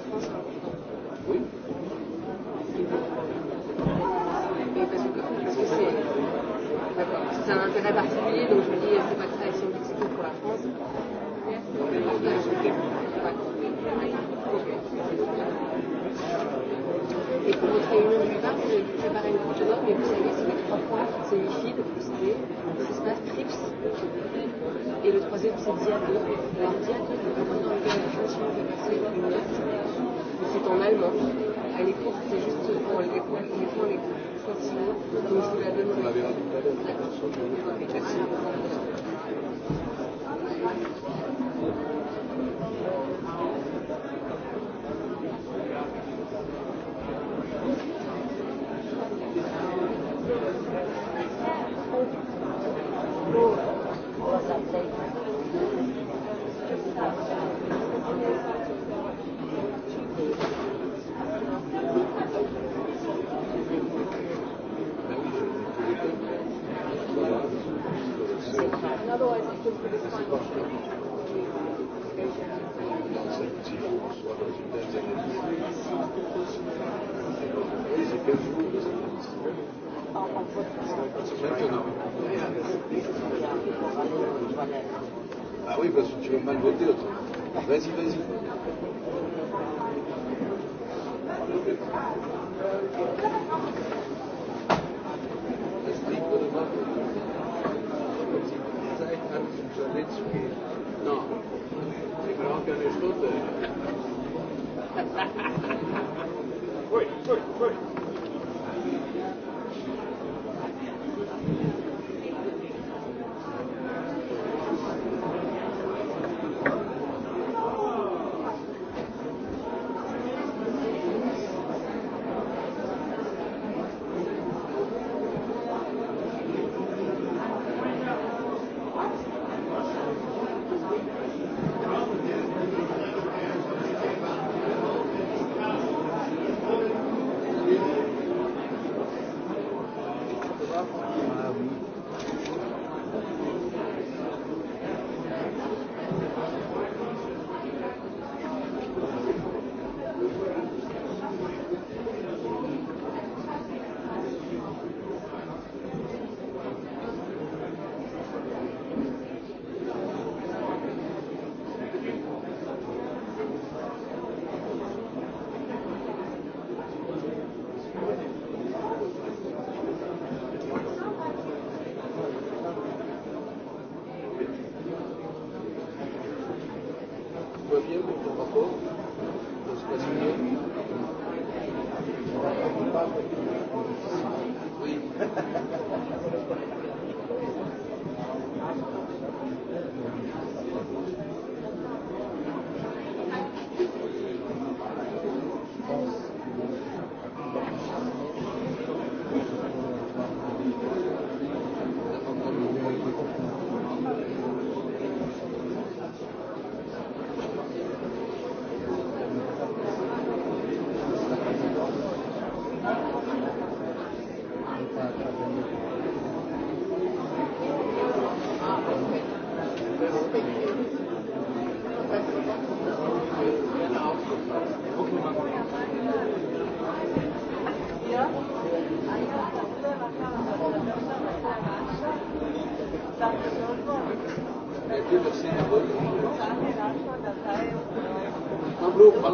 un intérêt particulier, donc je me dis, c'est pas très action mexico pour la France. Et pour votre réunion du vin, vous avez préparé une grande note, mais vous savez, c'est les trois points, c'est Wifi, donc vous savez, c'est Spa, Trips, et le troisième, c'est Diade. Alors Diade, c'est le point dans lequel la chanson va passer une note, mais c'est en allemand. Elle est courte, c'est juste pour les points, les points, les points. Gracias.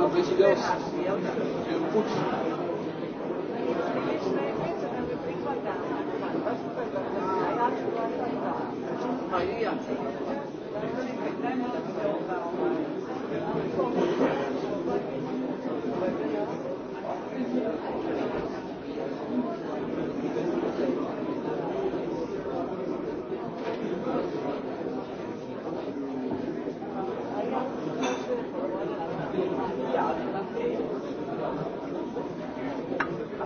volonté de Deus. Eu pude. Maria. Thank you.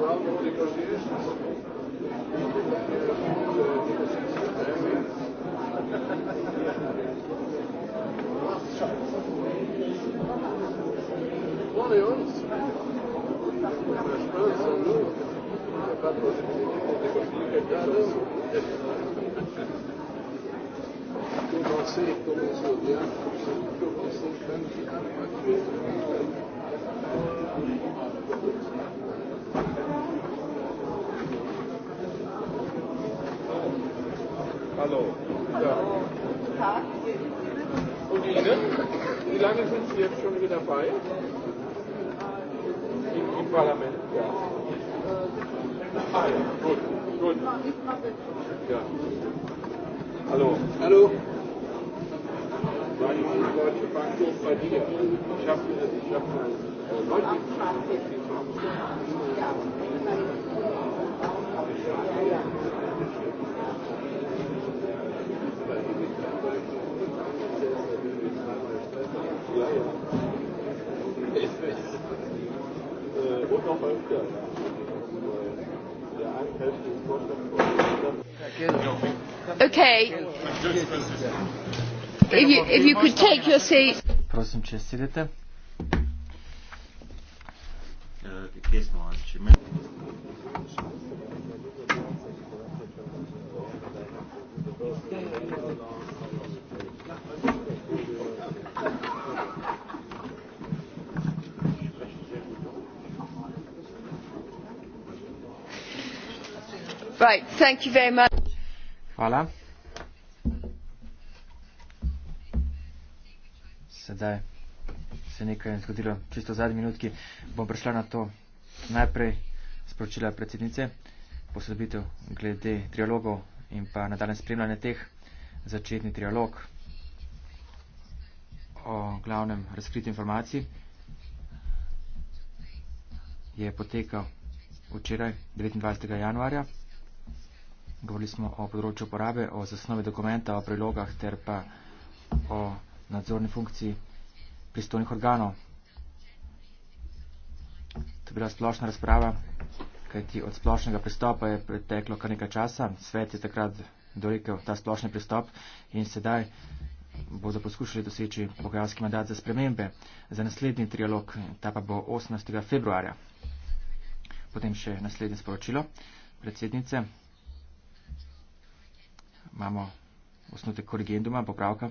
pravno prikažeš, Thank you. Hallo. Ja. Und Ihnen? Wie lange sind Sie jetzt schon wieder dabei? Im, im Parlament? Ja. Ah, ja. Gut. Gut. Ja. Hallo. Hallo. Bei die Deutsche Bank ist bei dir. Ich habe ich hab äh, Leute gefragt. Ja. Ja. Ja. Ja. Ja. Ja. Ja. Okay. If you, if you could take your seat. Prosim, če sedete. Eh, kje smo? Če me... Sedaj se nekaj zgodilo, čisto v zadnji minutki bom prišla na to najprej sporočila predsednice, posodobitev glede trialogov in pa nadaljne spremljanje teh, začetni trialog o glavnem razkriti informaciji je potekal včeraj 29. januarja. Govorili smo o področju uporabe, o zasnovi dokumenta, o prilogah ter pa o nadzorni funkciji pristojnih organov. To je bila splošna razprava, kajti od splošnega pristopa je preteklo kar nekaj časa. Svet je takrat dorekel ta splošni pristop in sedaj bodo poskušali doseči pogajalski mandat za spremembe za naslednji trialog, ta pa bo 18. februarja. Potem še naslednje sporočilo predsednice imamo osnutek korigenduma, popravka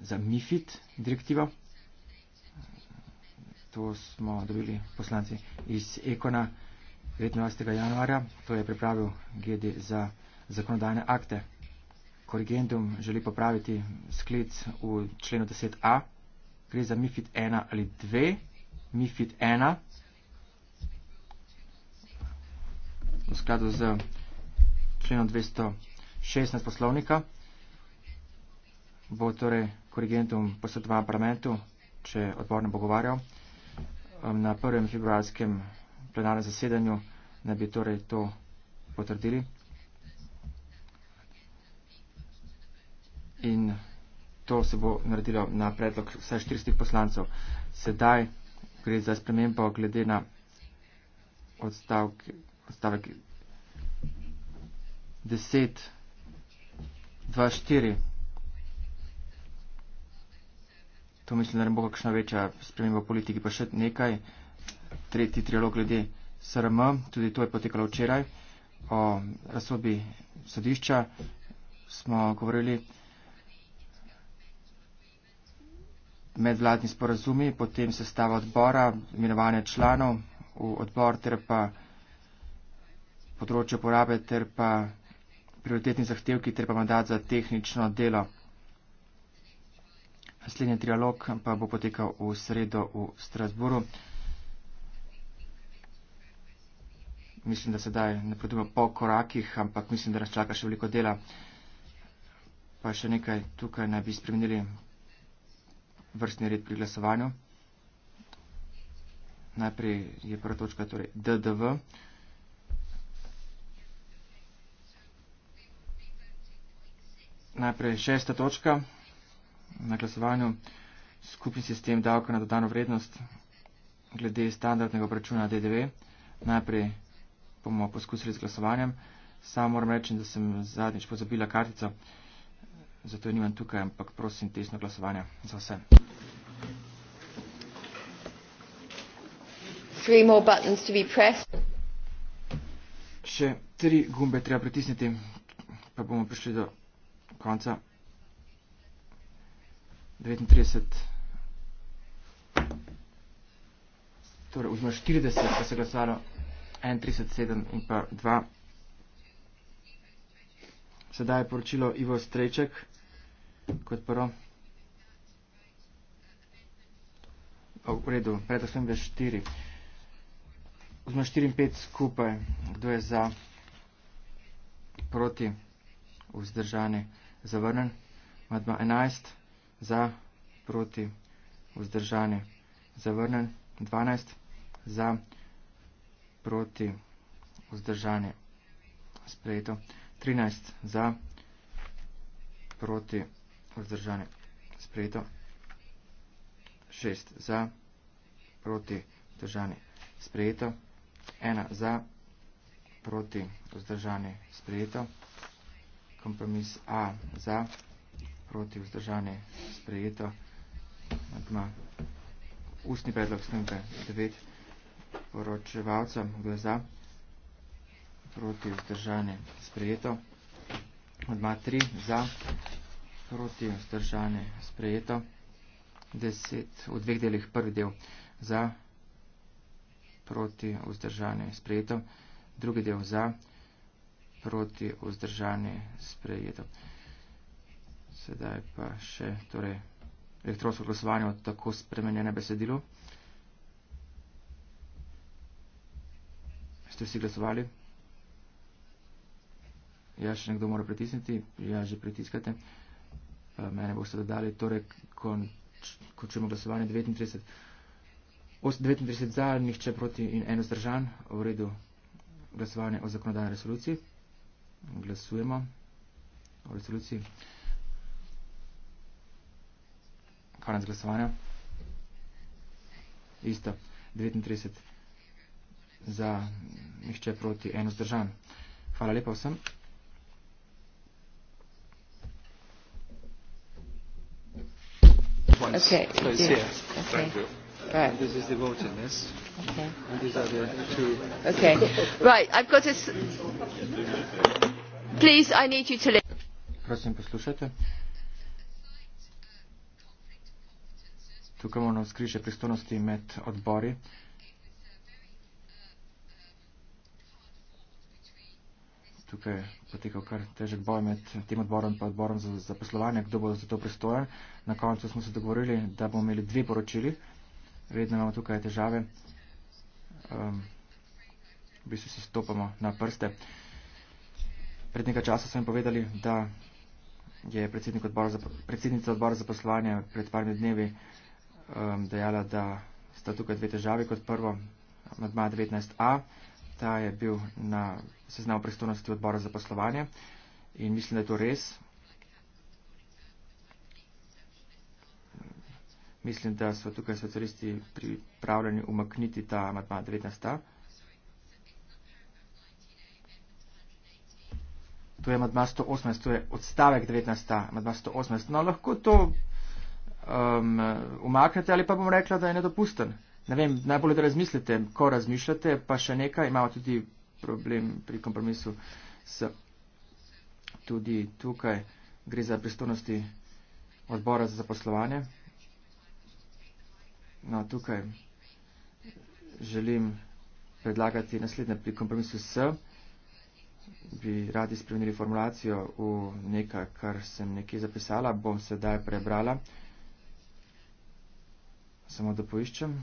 za MIFID direktivo. To smo dobili poslanci iz Ekona 19. januarja. To je pripravil GD za zakonodajne akte. Korigendum želi popraviti sklic v členu 10a. Gre za MIFID 1 ali 2. MIFID 1 v skladu z členom 200. 16 poslovnika, bo torej korigentum posredovan parlamentu, če odbor ne bo govarjal. Ehm, na prvem februarskem plenarnem zasedanju ne bi torej to potrdili. In to se bo naredilo na predlog vseh 400 poslancev. Sedaj gre za spremembo glede na odstavek 10 2.4. To mislim, da ne bo kakšna večja sprememba politiki, pa še nekaj. Tretji trialog glede SRM, tudi to je potekalo včeraj. O razsobi sodišča smo govorili medvladni sporazumi, potem sestava odbora, imenovanje članov v odbor ter pa področje porabe ter pa prioritetni zahtevki, treba mandat za tehnično delo. Naslednji trialog pa bo potekal v sredo v Strasburu. Mislim, da sedaj ne predujemo po korakih, ampak mislim, da nas čaka še veliko dela. Pa še nekaj tukaj naj bi spremenili vrstni red pri glasovanju. Najprej je prva točka, torej DDV. Uh, Najprej šesta točka na glasovanju skupni sistem davka na dodano vrednost glede standardnega obračuna DDV. Najprej bomo poskusili z glasovanjem. Sam moram reči, da sem zadnjič pozabila kartico, zato nimam tukaj, ampak prosim tesno glasovanje za vse. Three more buttons to be pressed. Še tri gumbe treba pritisniti, pa bomo prišli do konca 39 torej vzmo 40 pa se glasalo 137 in pa 2 sedaj je poročilo Ivo Strejček kot prvo o, v redu predo sem 4 vzmo 4 in 5 skupaj kdo je za proti vzdržane. Zavrnen, amadma 11, za, proti, vzdržane. Zavrnen, 12, za, proti, vzdržane. Sprejeto, 13, za, proti, vzdržane. Sprejeto, 6, za, proti, vzdržane. Sprejeto, 1, za, proti, vzdržane. Sprejeto kompromis A za, proti vzdržanje sprejeto, nadma ustni predlog snembe 9 poročevalcem, kdo je za, proti vzdržanje sprejeto, nadma 3 za, proti vzdržanje sprejeto, 10 v dveh delih prvi del za, proti vzdržanje sprejeto, drugi del za, proti proti vzdržanje sprejeto. Sedaj pa še torej, elektronsko glasovanje o tako spremenjenem besedilu. Ste vsi glasovali? Ja, še nekdo mora pritisniti, ja, že pritiskate. Pa mene boste dodali, torej končujemo glasovanje 39. 39 za, nihče proti in eno zdržan, v redu glasovanje o zakonodajni resoluciji glasujemo o resoluciji. Konec glasovanja. Isto. 39 za nihče proti eno zdržan. Hvala lepa vsem. Once. Okay. So it's yes. here. Okay. Thank you. Right. And this is the voting, yes? Okay. And these are the two. Okay. right. I've got this. Prosim, poslušajte. Tukaj imamo skriže pristojnosti med odbori. Tukaj je potekal kar težek boj med tem odborom in odborom za zaposlovanje, kdo bo za to pristojen. Na koncu smo se dogovorili, da bomo imeli dve poročili. Vedno imamo tukaj težave. Um, v bistvu se stopamo na prste. Uh, Pred nekaj časa smo jim povedali, da je predsednik odbora za, predsednica odbora za poslovanje pred parmi dnevi um, dejala, da sta tukaj dve težavi. Kot prvo, med 19a, ta je bil na seznamu pristojnosti odbora za poslovanje in mislim, da je to res. Mislim, da so tukaj socialisti pripravljeni umakniti ta med 19a. To je Madma 118, to je odstavek 19. Madma 118. No, lahko to um, umaknete ali pa bom rekla, da je nedopusten. Ne vem, najbolje, da razmislite, ko razmišljate, pa še nekaj, imamo tudi problem pri kompromisu s tudi tukaj, gre za pristojnosti odbora za zaposlovanje. No, tukaj želim predlagati naslednje pri kompromisu s bi radi spremenili formulacijo v nekaj, kar sem nekje zapisala, bom sedaj prebrala. Samo da poiščem.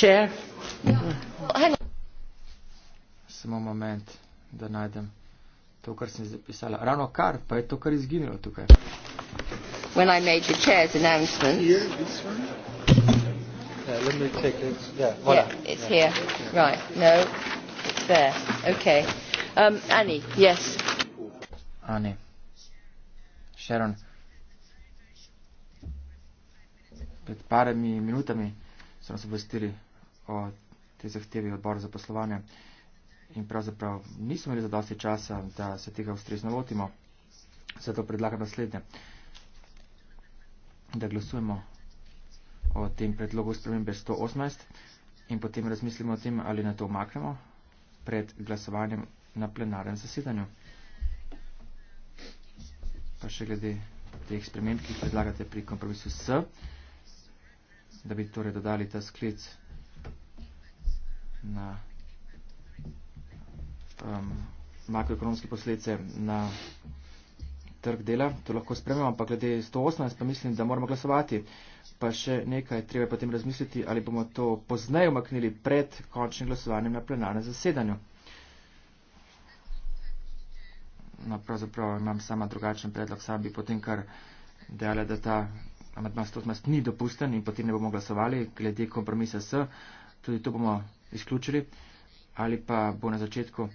chair. Samo moment, da najdem to, kar sem zapisala. Ravno kar, pa je to, kar izginilo tukaj. When I made the chair's announcement. Here, this one. Yeah, let me take it. Yeah, voilà. yeah it's yeah. here. Right, no, it's there. Okay. Um, Annie, yes. Annie. Sharon. Pred parami minutami so nas obvestili po te zahtevi odbor za poslovanje in pravzaprav nismo imeli zadosti časa, da se tega ustrezno lotimo. Zato predlagam naslednje, da glasujemo o tem predlogu spremembe 118 in potem razmislimo o tem, ali na to omaknemo pred glasovanjem na plenarnem zasedanju. Pa še glede teh sprememb, ki jih predlagate pri kompromisu S, da bi torej dodali ta sklic na um, makroekonomske posledice na trg dela. To lahko spremljamo, ampak glede 118 pa mislim, da moramo glasovati. Pa še nekaj, treba je potem razmisliti, ali bomo to pozneje umaknili pred končnim glasovanjem na plenarnem zasedanju. No, pravzaprav imam sama drugačen predlog, sam bi potem kar dejala, da ta amatmast odmast ni dopusten in potem ne bomo glasovali glede kompromisa S. Tudi to bomo izključili, ali pa bo na začetku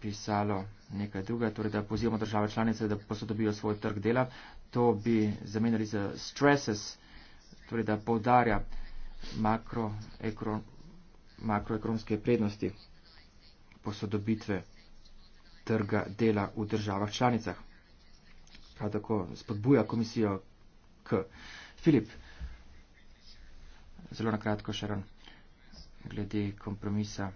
pisalo nekaj druga, torej da pozivamo države članice, da posodobijo svoj trg dela, to bi zamenjali za stresses, torej da povdarja makroekonomske makro prednosti posodobitve trga dela v državah članicah. Prav tako spodbuja komisijo k Filip. Zelo na kratko, Sharon glede kompromisa.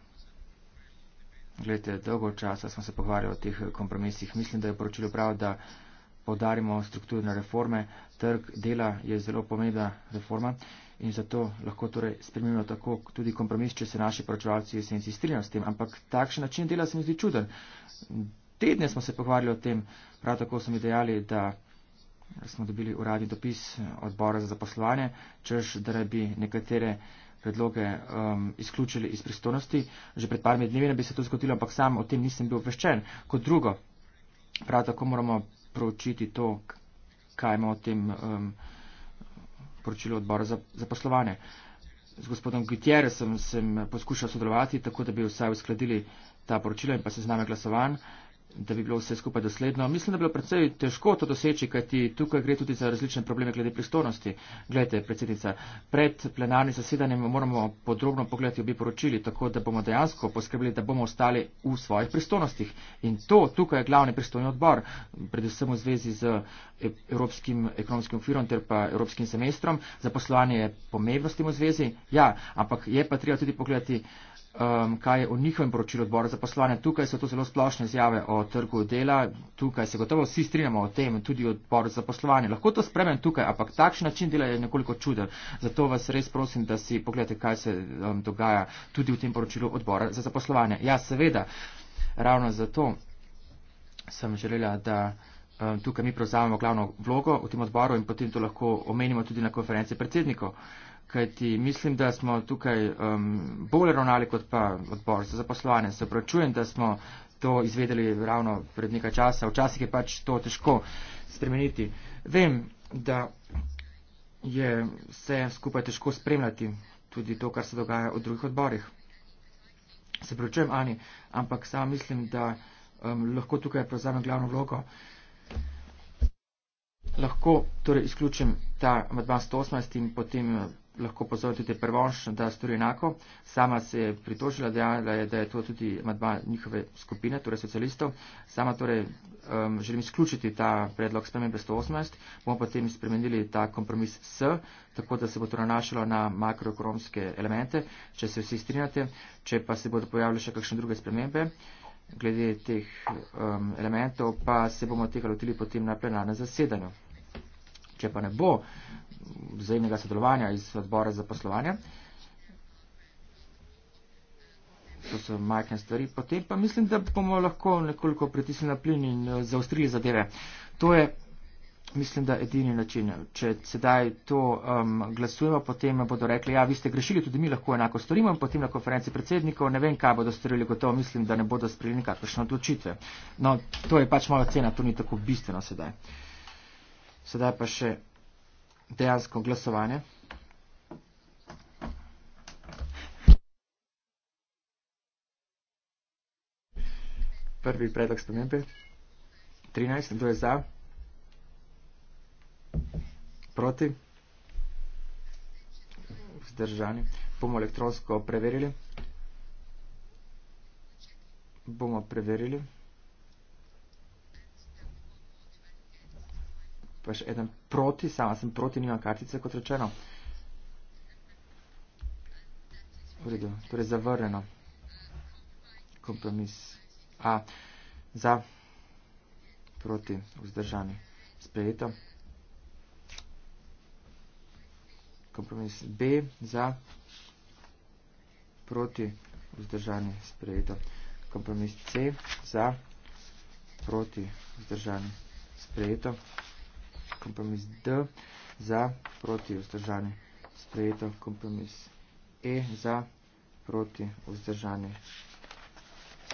Glede, dolgo časa smo se pogovarjali o teh eh, kompromisih. Mislim, da je poročilo prav, da podarimo strukturne reforme. Trg dela je zelo pomembna reforma in zato lahko torej spremenimo tako tudi kompromis, če se naši poročevalci se insistirajo s tem. Ampak takšen način dela se mi zdi čuden. Tedne smo se pogovarjali o tem, prav tako so mi dejali, da smo dobili uradni dopis odbora za zaposlovanje, čež, da bi nekatere predloge um, izključili iz pristojnosti. Že pred parmi dnevi ne bi se to zgodilo, ampak sam o tem nisem bil obveščen. Kot drugo, prav tako moramo proučiti to, kaj ima o tem um, poročilo odbora za, za poslovanje. Z gospodom Gutierre sem, sem poskušal sodelovati, tako da bi vsaj uskladili ta poročila in pa se z nami glasovanj da bi bilo vse skupaj dosledno. Mislim, da bi bilo predvsej težko to doseči, kajti tukaj gre tudi za različne probleme glede pristojnosti. Glejte, predsednica, pred plenarnim zasedanjem moramo podrobno pogledati obi poročili, tako da bomo dejansko poskrbeli, da bomo ostali v svojih pristojnostih. In to tukaj je glavni pristojni odbor, predvsem v zvezi z e, Evropskim ekonomskim firom ter pa Evropskim semestrom. Zaposlovanje je pomembno s tem v zvezi, ja, ampak je pa treba tudi pogledati um, kaj je o njihovem poročilu odbora za poslovanje. Tukaj so to zelo splošne izjave o trgu dela, tukaj se gotovo vsi strinjamo o tem, tudi odbor za poslovanje. Lahko to spremem tukaj, ampak takšen način dela je nekoliko čuden. Zato vas res prosim, da si pogledate, kaj se um, dogaja tudi v tem poročilu odbora za poslovanje. Ja, seveda, ravno zato sem želela, da. Um, tukaj mi prevzamemo glavno vlogo v tem odboru in potem to lahko omenimo tudi na konferenci predsednikov kajti mislim, da smo tukaj um, bolj ravnali kot pa odbor za zaposlovanje. Se opračujem, da smo to izvedeli ravno pred nekaj časa. Včasih je pač to težko spremeniti. Vem, da je vse skupaj težko spremljati, tudi to, kar se dogaja v drugih odborih. Se pravičujem, Ani, ampak sama mislim, da um, lahko tukaj prevzame glavno vlogo. Lahko torej izključim ta amadban 118 in potem lahko pozove tudi prvonš, da stori enako. Sama se je pritožila, dejala je, da je to tudi madba njihove skupine, torej socialistov. Sama torej um, želim izključiti ta predlog spremembe 118, bomo potem spremenili ta kompromis S, tako da se bo to nanašalo na makroekonomske elemente, če se vsi strinjate, če pa se bodo pojavile še kakšne druge spremembe. Glede teh um, elementov pa se bomo tega lotili potem na plenarnem zasedanju. Če pa ne bo vzajemnega sodelovanja iz odbora za poslovanje. To so majhne stvari. Potem pa mislim, da bomo lahko nekoliko pritisnili na plin in eh, zaostrili zadeve. To je, mislim, da edini način. Če sedaj to um, glasujemo, potem bodo rekli, ja, vi ste grešili, tudi mi lahko enako storimo. Potem na konferenci predsednikov ne vem, kaj bodo storili, gotovo mislim, da ne bodo sprejeli nikakršne odločitve. No, to je pač moja cena, to ni tako bistveno sedaj. Sedaj pa še dejansko glasovanje. Prvi predlog spremembe. 13. Kdo je za? Proti? Vzdržani. Bomo elektronsko preverili. Bomo preverili. pač eden proti, sama sem proti, nimam kartice, kot rečeno. V redu, torej zavrjeno. Kompromis A. Za, proti, vzdržani. Sprejeto. Kompromis B. Za, proti, vzdržani. Sprejeto. Kompromis C. Za, proti, vzdržani. Sprejeto kompromis D, za, proti, vzdržani, sprejeto, kompromis E, za, proti, vzdržani,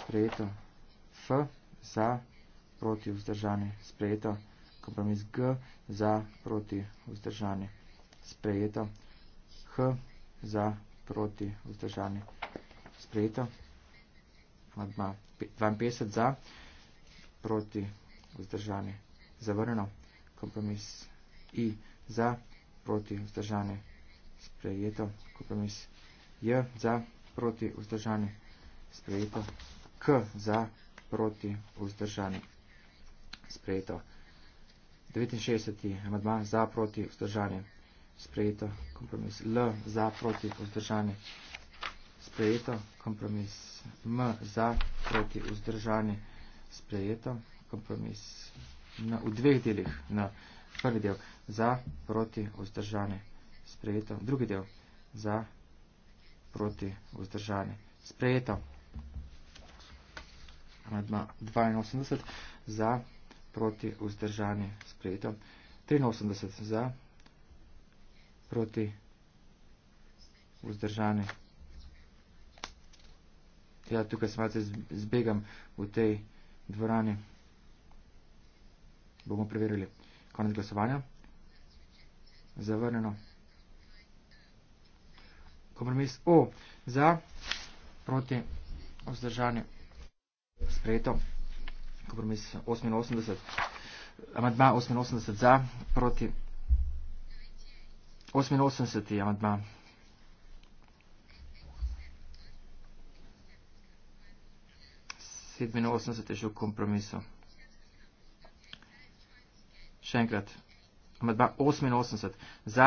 sprejeto, F, za, proti, vzdržani, sprejeto, kompromis G, za, proti, vzdržani, sprejeto, H, za, proti, vzdržani, sprejeto, odma 52 za, proti, vzdržani, zavrneno kompromis I za proti vzdržane sprejeto, kompromis J za proti vzdržane sprejeto, K za proti vzdržane sprejeto. 69. amadman za proti vzdržane sprejeto, kompromis L za proti vzdržane sprejeto, kompromis M za proti vzdržane sprejeto, kompromis L na, v dveh delih. Na prvi del za, proti, vzdržane, sprejeto. Drugi del za, proti, vzdržane, sprejeto. Amadma 82 za, proti, vzdržane, sprejeto. 83 za, proti, vzdržane. Ja, tukaj se malce zbegam v tej dvorani bomo preverili. Konec glasovanja. Zavrneno. Kompromis O. Za, proti, vzdržanje. Sprejeto. Kompromis 88. Amadma 88 za, proti. 88. Amadma. Sedmino osemdeset je že v kompromisu še enkrat, amadba 88 za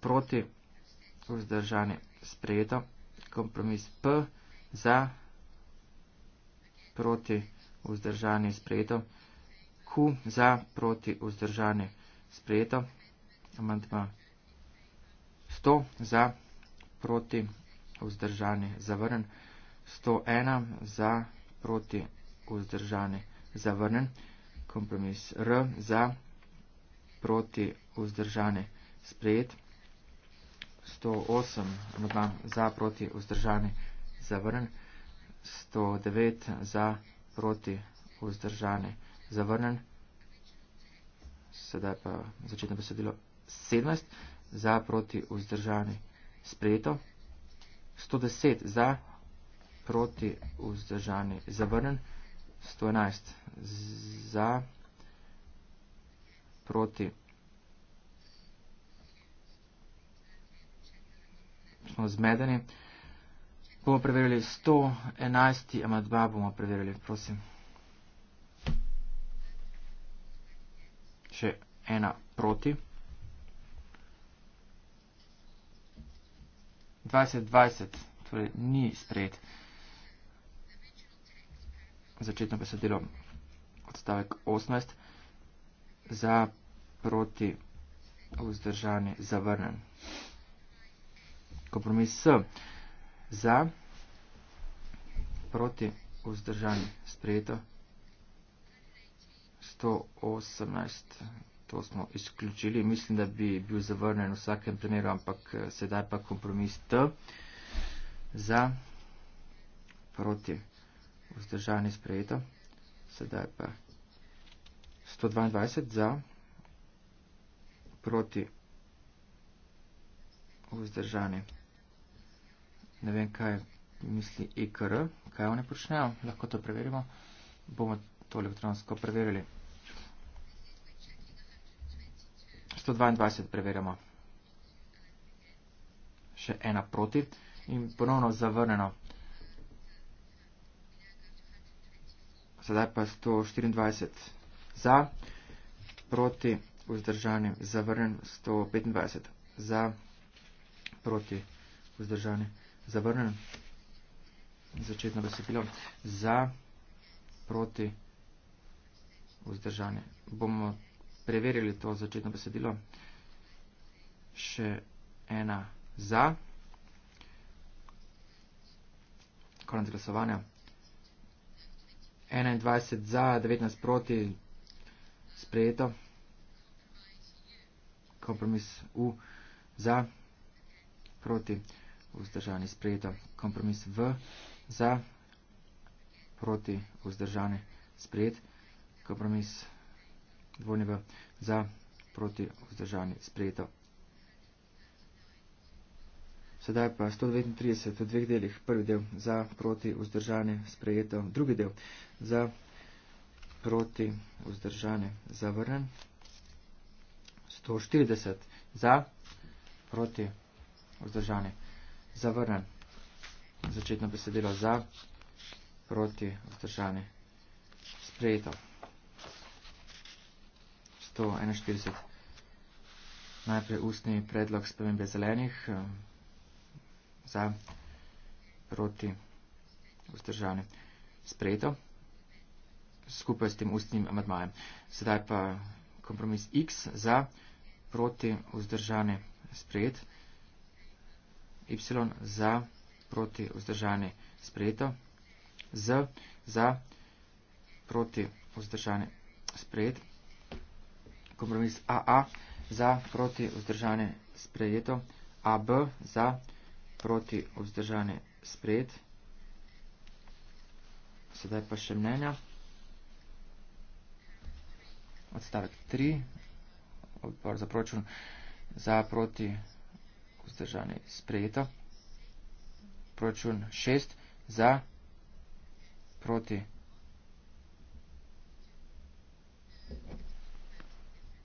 proti vzdržanje sprejeto, kompromis P za proti vzdržanje sprejeto, Q za proti vzdržanje sprejeto, amadba 100 za proti vzdržanje zavrnen, 101 za proti vzdržanje zavrnen, kompromis R za proti vzdržanje sprejeto, proti vzdržane sprejet, 108 amadvan za proti vzdržane zavrn, 109 za proti vzdržane zavrnen, sedaj pa začetno besedilo 17 za proti vzdržane sprejeto, 110 za proti vzdržane zavrnen, 111 za proti vzdržane zavrnen, proti. Smo zmedeni. Bomo preverili 111. amadba, bomo preverili, prosim. Še ena proti. 2020, torej ni sprejet. Začetno besedilo odstavek 18 za, proti, vzdržani, zavrnen. Kompromis S, za, proti, vzdržani, sprejeto. 118, to smo izključili, mislim, da bi bil zavrnen v vsakem primeru, ampak eh, sedaj pa kompromis T, za, proti, vzdržani, sprejeto. Sedaj pa 122 za, proti, vzdržani. Ne vem, kaj misli IKR, e kaj oni počnejo, lahko to preverimo. Bomo to elektronsko preverili. 122 preverjamo. Še ena proti in ponovno zavrneno. Sedaj pa 124 za, proti vzdržanim zavrnjen 125, za, proti vzdržanim zavrnjen, začetno besedilo, za, proti vzdržanim. Bomo preverili to začetno besedilo, še ena za, konec glasovanja. 21 za, 19 proti, sprejeto. Kompromis U za, proti, vzdržani sprejeto. Kompromis V za, proti, vzdržani sprejet. Kompromis dvojni V za, proti, vzdržani sprejeto. Sedaj pa 139 v dveh delih. Prvi del za, proti, vzdržani sprejeto. Drugi del za, proti, vzdržani sprejeto proti vzdržane zavrnen. 140 za proti vzdržane zavrnen. Začetno besedilo za proti vzdržane sprejeto. 141. Najprej ustni predlog spremembe zelenih eh, za proti vzdržane sprejeto skupaj s tem ustnim amadmajem. Sedaj pa kompromis X za proti vzdržane sprejet, Y za proti vzdržane sprejeto, Z za proti vzdržane sprejet, kompromis AA za proti vzdržane sprejeto, AB za proti vzdržane sprejet, sedaj pa še mnenja odstavek 3, odbor za proračun za proti vzdržanje sprejeto, proračun 6 za proti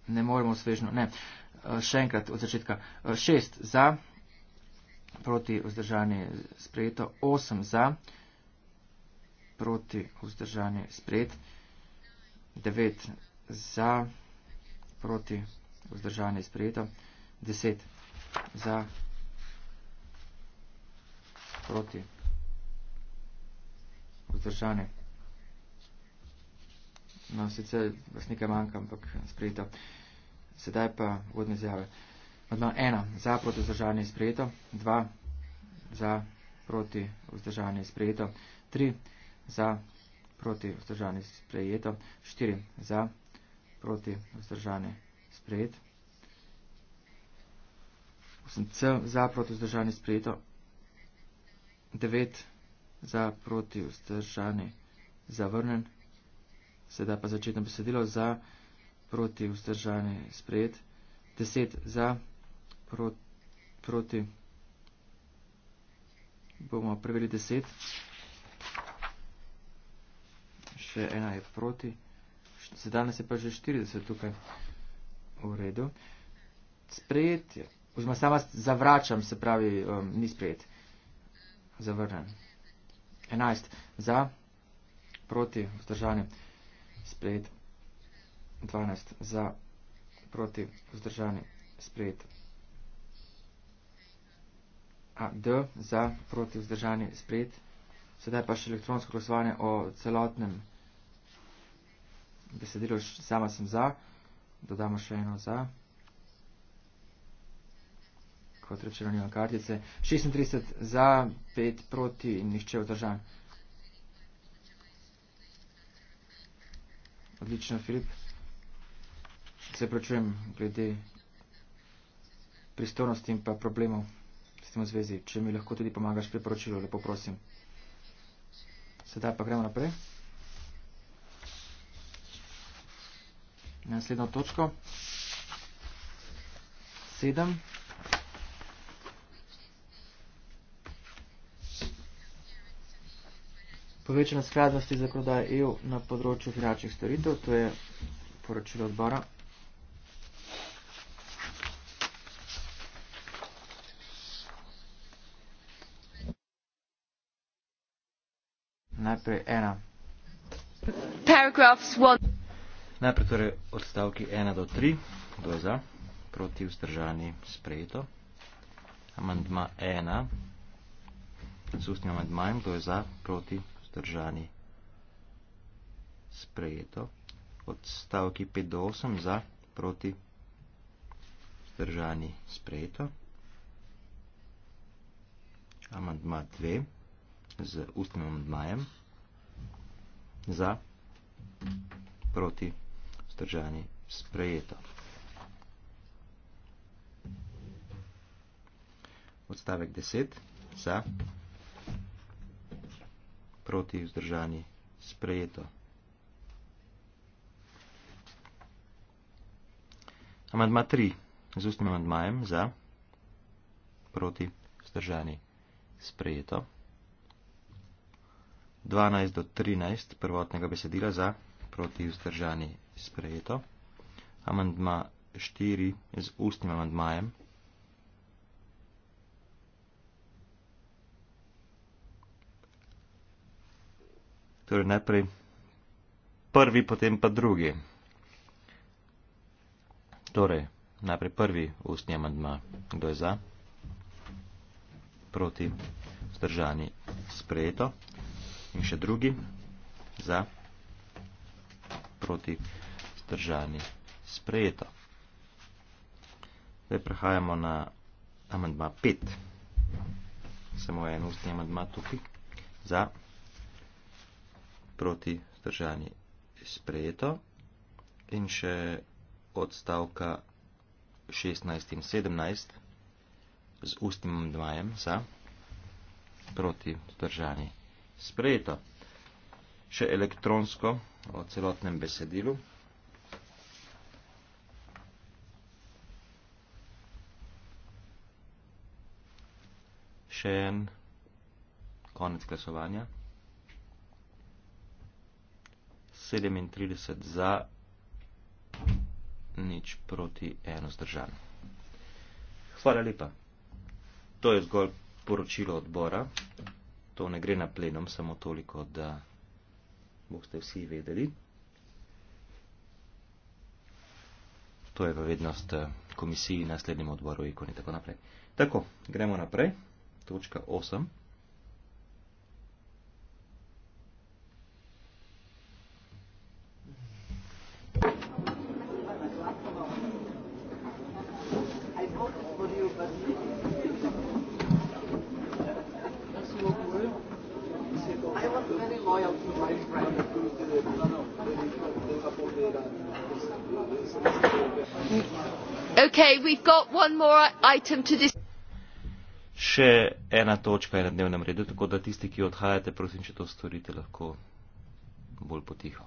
ne moremo svežno, ne, eh, še enkrat od začetka, 6 eh, za proti vzdržanje sprejeto, 8 za proti vzdržanje sprejet, 9 za za, proti, vzdržanje je sprejeto, deset za, proti, vzdržanje. No, sicer vas nekaj manjka, ampak sprejeto. Sedaj pa vodne zjave. Odno, ena, za, proti, vzdržanje je sprejeto, dva, za, proti, vzdržanje je sprejeto, tri, za, proti, vzdržanje je sprejeto, štiri, za, proti, proti vzdržane sprejet. 8C za proti vzdržane sprejeto. 9 za proti vzdržane zavrnen. Sedaj pa začetno besedilo za proti vzdržane sprejet. 10 za pro, proti. Bomo preverili 10. Še ena je proti se danes je pa že 40 tukaj v redu. Sprejet, oziroma sama zavračam, se pravi, um, ni sprejet. Zavrnen. 11. Za, proti, vzdržanje. Sprejet. 12. Za, proti, vzdržanje. Sprejet. A, D, za, proti, vzdržanje. Sprejet. Sedaj pa še elektronsko glasovanje o celotnem besedilo, sama sem za, dodamo še eno za. Kot rečeno, nimam kartice. 36 za, 5 proti in nihče vzdržan. Odlično, Filip. Se pročujem glede pristojnosti in pa problemov s tem v zvezi. Če mi lahko tudi pomagaš pri poročilu, lepo prosim. Sedaj pa gremo naprej. naslednjo točko. Sedem. Povečana skladnost iz zakonodaje EU na področju finančnih storitev, to je poročilo odbora. Najprej ena. Paragraphs one. Najprej torej odstavki 1 do 3, kdo je za, proti vzdržani sprejeto. Amandma 1, z ustnim amandmajem, kdo je za, proti vzdržani sprejeto. Odstavki 5 do 8, za, proti vzdržani sprejeto. Amandma 2, z ustnim amandmajem, za, proti vzdržani sprejeto vzdržani, sprejeto. Odstavek 10. Za. Proti vzdržani, sprejeto. Amandma 3. Z ustnim amandmajem. Za. Proti vzdržani, sprejeto. 12 do 13 prvotnega besedila za proti vzdržani sprejeto. Amandma 4 z ustnim amandmajem. Torej najprej prvi, potem pa drugi. Torej, najprej prvi ustni amandma. Kdo je za? Proti. Zdržani. Sprejeto. In še drugi. Za. Proti vzdržani, sprejeta. Zdaj prehajamo na amandma 5. Samo en ustni amandma tukaj. Za, proti, vzdržani, sprejeto. In še odstavka 16 in 17 z ustnim amandmajem za, proti, vzdržani, sprejeto. Še elektronsko o celotnem besedilu. še en konec glasovanja. 37 za, nič proti, eno zdržan. Hvala lepa. To je zgolj poročilo odbora. To ne gre na plenom, samo toliko, da boste vsi vedeli. To je pa vednost eh, komisiji, naslednjem odboru, ikon in tako naprej. Tako, gremo naprej точка 8. Okay, we've got one more item to discuss še ena točka je na dnevnem redu, tako da tisti, ki odhajate, prosim, če to storite, lahko bolj potiho.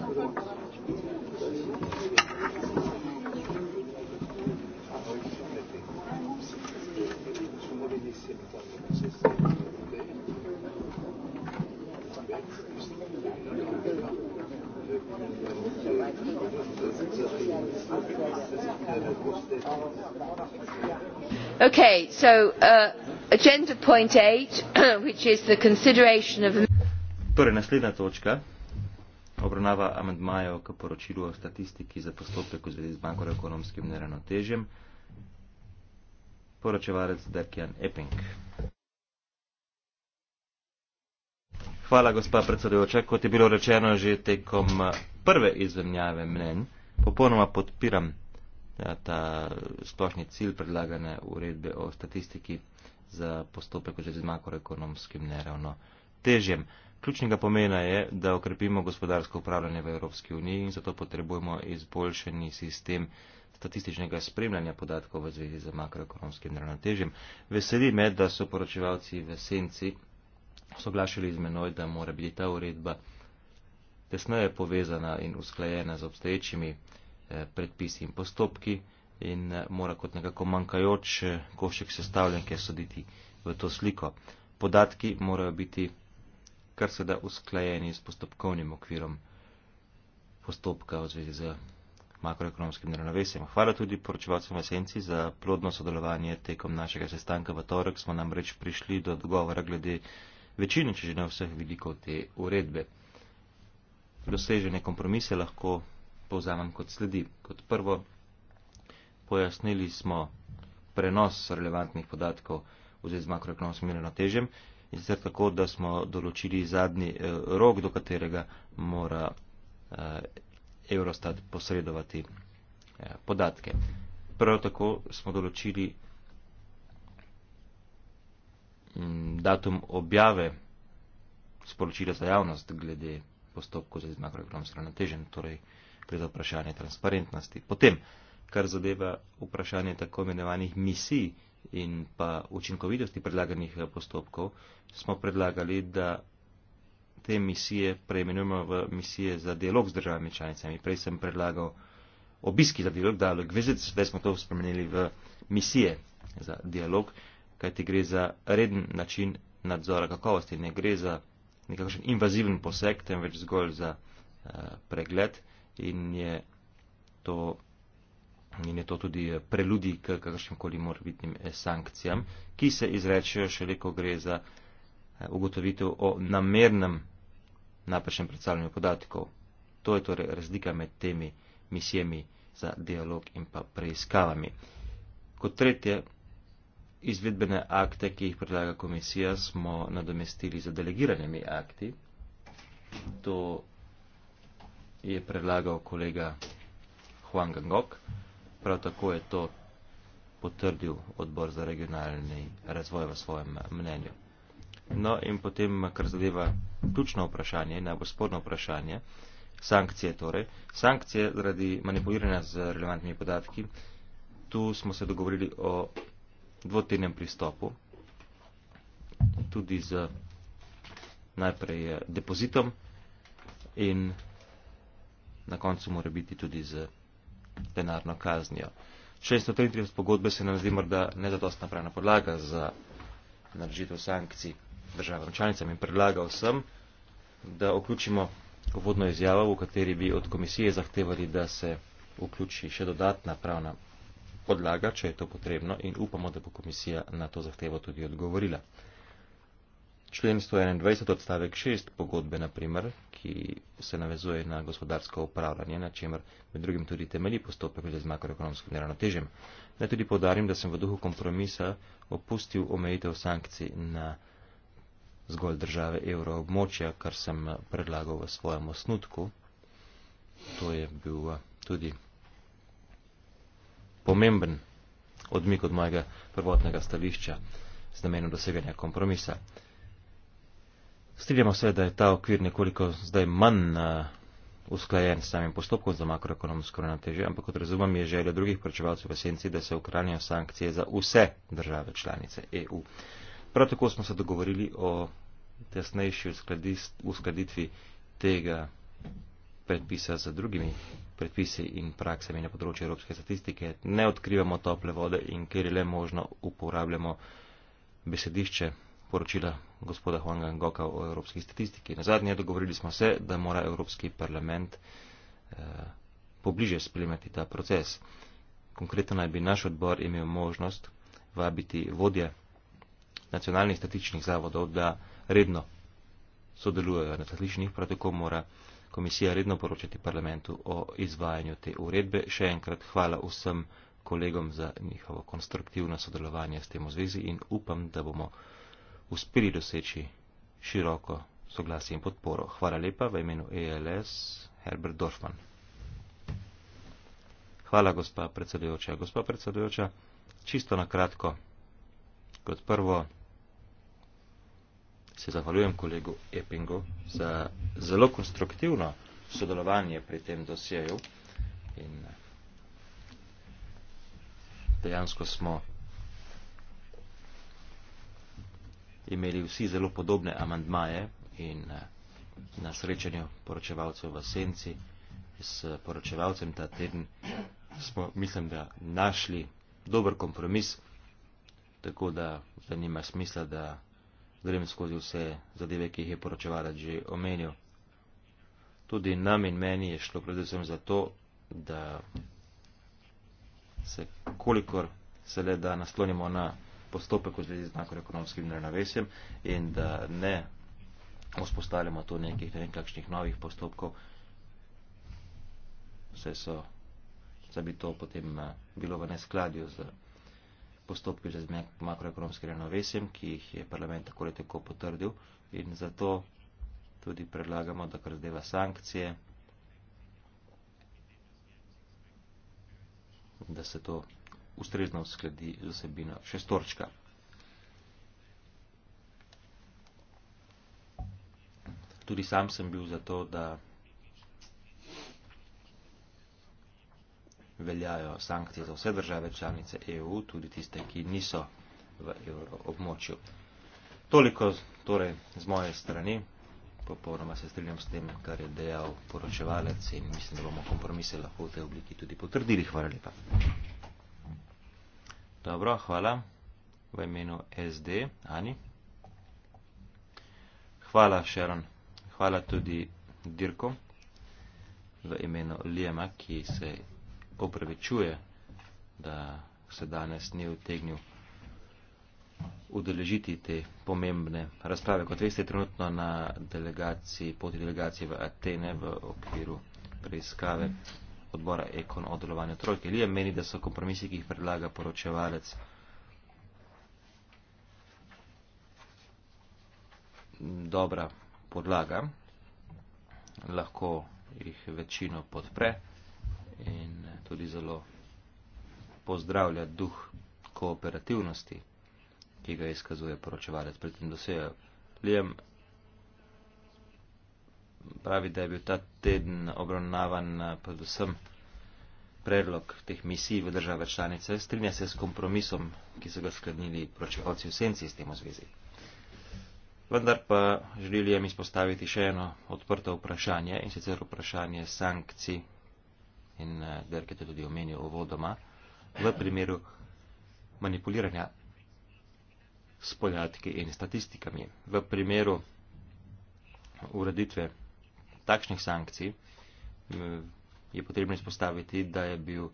Thank you. Okay, so uh, agenda point eight, which is the consideration of. Torej, naslednja točka Obravnava amandmajo k poročilu o statistiki za postopek v zvezi z bankoreekonomskim neravnotežjem. Poročevalec Derkjan Epping. Hvala, gospa predsedujoča. Kot je bilo rečeno že tekom eh, prve izvenjave mnen, popolnoma podpiram eh, ta splošni cilj predlagane uredbe o statistiki za postopek v zvezi z makroekonomskim neravnotežjem. težjem. Ključnega pomena je, da okrepimo gospodarsko upravljanje v Evropski uniji in zato potrebujemo izboljšeni sistem statističnega spremljanja podatkov v zvezi z makroekonomskim ravnotežjem. Veseli me, da so poročevalci v senci soglašali z menoj, da mora biti ta uredba tesneje povezana in usklajena z obstoječimi eh, predpisi in postopki in eh, mora kot nekako manjkajoč eh, košek sestavljenke soditi v to sliko. Podatki morajo biti kar se da usklajeni s postopkovnim okvirom postopka v zvezi z makroekonomskim neravnovesjem. Hvala tudi poročevalcem Esenci za plodno sodelovanje tekom našega sestanka v torek. Smo namreč prišli do odgovora glede večine, če že ne vseh vidikov te uredbe. Dosežene kompromise lahko povzamem kot sledi. Kot prvo, pojasnili smo prenos relevantnih podatkov v zvezi z makroekonomskim neravnotežjem in sicer tako, da smo določili zadnji eh, rok, do katerega mora eh, Eurostat posredovati eh, podatke. Prav tako smo določili mm, datum objave sporočila za javnost glede postopkov za makroekonomsko ravnotežen, torej gre za vprašanje transparentnosti. Potem, kar zadeva vprašanje tako imenovanih misij, in pa učinkovitosti predlaganih eh, postopkov, smo predlagali, da te misije preimenujemo v misije za dialog z državami članicami. Prej sem predlagal obiski za dialog, dialog visits, zdaj smo to spremenili v misije za dialog, kajti gre za reden način nadzora kakovosti, ne gre za nekakšen invaziven poseg, temveč zgolj za uh, pregled in je to in je to tudi eh, preludi k kakršnim koli morbitnim eh, sankcijam, ki se izrečijo šele, ko gre za eh, ugotovitev o namernem napačnem predstavljanju podatkov. To je torej razlika med temi misijami za dialog in pa preiskavami. Kot tretje, izvedbene akte, ki jih predlaga komisija, smo nadomestili za delegiranimi akti. To je predlagal kolega Huang Gangok. Prav tako je to potrdil odbor za regionalni razvoj v svojem mnenju. No in potem, kar zadeva ključno vprašanje, najbolj sporno vprašanje, sankcije torej. Sankcije zaradi manipuliranja z relevantnimi podatki, tu smo se dogovorili o dvotirnem pristopu, tudi z najprej eh, depozitom in na koncu mora biti tudi z denarno kaznijo. 633 pogodbe se nam zdi morda nezadostna pravna podlaga za naročitev sankcij državam članicam in predlagal sem, da vključimo uvodno izjavo, v kateri bi od komisije zahtevali, da se vključi še dodatna pravna podlaga, če je to potrebno in upamo, da bo komisija na to zahtevo tudi odgovorila. Člen 121 odstavek 6 pogodbe, naprimer, ki se navezuje na gospodarsko upravljanje, na čemer med drugim tudi temelji postopek z makroekonomskim neravnotežjem. Naj tudi povdarim, da sem v duhu kompromisa opustil omejitev sankcij na zgolj države evroobmočja, kar sem predlagal v svojem osnutku. To je bil eh, tudi pomemben odmik od mojega prvotnega stališča z namenom doseganja kompromisa. Strinjamo se, da je ta okvir nekoliko zdaj manj uh, usklajen s samim postopkom za makroekonomsko ravnoteže, ampak kot razumem je želja drugih pričevalcev v esenci, da se ukranijo sankcije za vse države članice EU. Prav tako smo se dogovorili o tesnejši uskladitvi tega predpisa z drugimi predpisi in praksami na področju evropske statistike. Ne odkrivamo tople vode in kjer je le možno uporabljamo besedišče poročila gospoda Huanga Ngoka o evropski statistiki. Na zadnje dogovorili smo se, da mora Evropski parlament eh, pobliže spremljati ta proces. Konkretno naj bi naš odbor imel možnost vabiti vodje nacionalnih statičnih zavodov, da redno sodelujejo na statičnih, prav tako mora komisija redno poročati parlamentu o izvajanju te uredbe. Še enkrat hvala vsem kolegom za njihovo konstruktivno sodelovanje s tem v zvezi in upam, da bomo uspeli doseči široko soglasje in podporo. Hvala lepa v imenu ELS Herbert Dorfman. Hvala, gospa predsedujoča. Gospa predsedujoča, čisto na kratko. Kot prvo se zahvaljujem kolegu Epingu za zelo konstruktivno sodelovanje pri tem dosjeju. In dejansko smo imeli vsi zelo podobne amandmaje in eh, na srečanju poročevalcev v Senci s poročevalcem ta teden smo, mislim, da našli dober kompromis, tako da, da nima smisla, da grem skozi vse zadeve, ki jih je poročevalec že omenil. Tudi nam in meni je šlo predvsem za to, da se kolikor se le da naslonimo na postopek v zvezi z makroekonomskim neravnovesjem in da ne vzpostavljamo tu nekih nekakšnih novih postopkov, vse so, da bi to potem eh, bilo v neskladju z postopki z makroekonomskim neravnovesjem, ki jih je parlament tako ali tako potrdil in zato tudi predlagamo, da kar zdeva sankcije, da se to ustrezno skladi za sebino šestorčka. Tudi sam sem bil za to, da veljajo sankcije za vse države članice EU, tudi tiste, ki niso v evroobmočju. Toliko torej z moje strani, popolnoma se strinjam s tem, kar je dejal poročevalec in mislim, da bomo kompromise lahko v tej obliki tudi potrdili. Hvala lepa. Dobro, hvala v imenu SD, Ani. Hvala, Sharon. Hvala tudi Dirko v imenu Lijema, ki se opravičuje, da se danes ni utegnil udeležiti te pomembne razprave. Kot veste, trenutno na delegaciji, poti delegacije v Atene v okviru preiskave. Mm odbora Ekon o delovanju trojke. Lija meni, da so kompromisi, ki jih predlaga poročevalec, dobra podlaga, lahko jih večino podpre in tudi zelo pozdravlja duh kooperativnosti, ki ga izkazuje poročevalec pri tem dosejo. Liam pravi, da je bil ta teden obravnavan eh, predvsem predlog teh misij v države članice, strinja se s kompromisom, ki so ga sklenili pročevalci v senci s tem v zvezi. Vendar pa želeli je mi spostaviti še eno odprto vprašanje in sicer vprašanje sankcij in eh, Derke te tudi omenil uvodoma v primeru manipuliranja s podatki in statistikami. V primeru ureditve takšnih sankcij eh, je potrebno izpostaviti, da je bil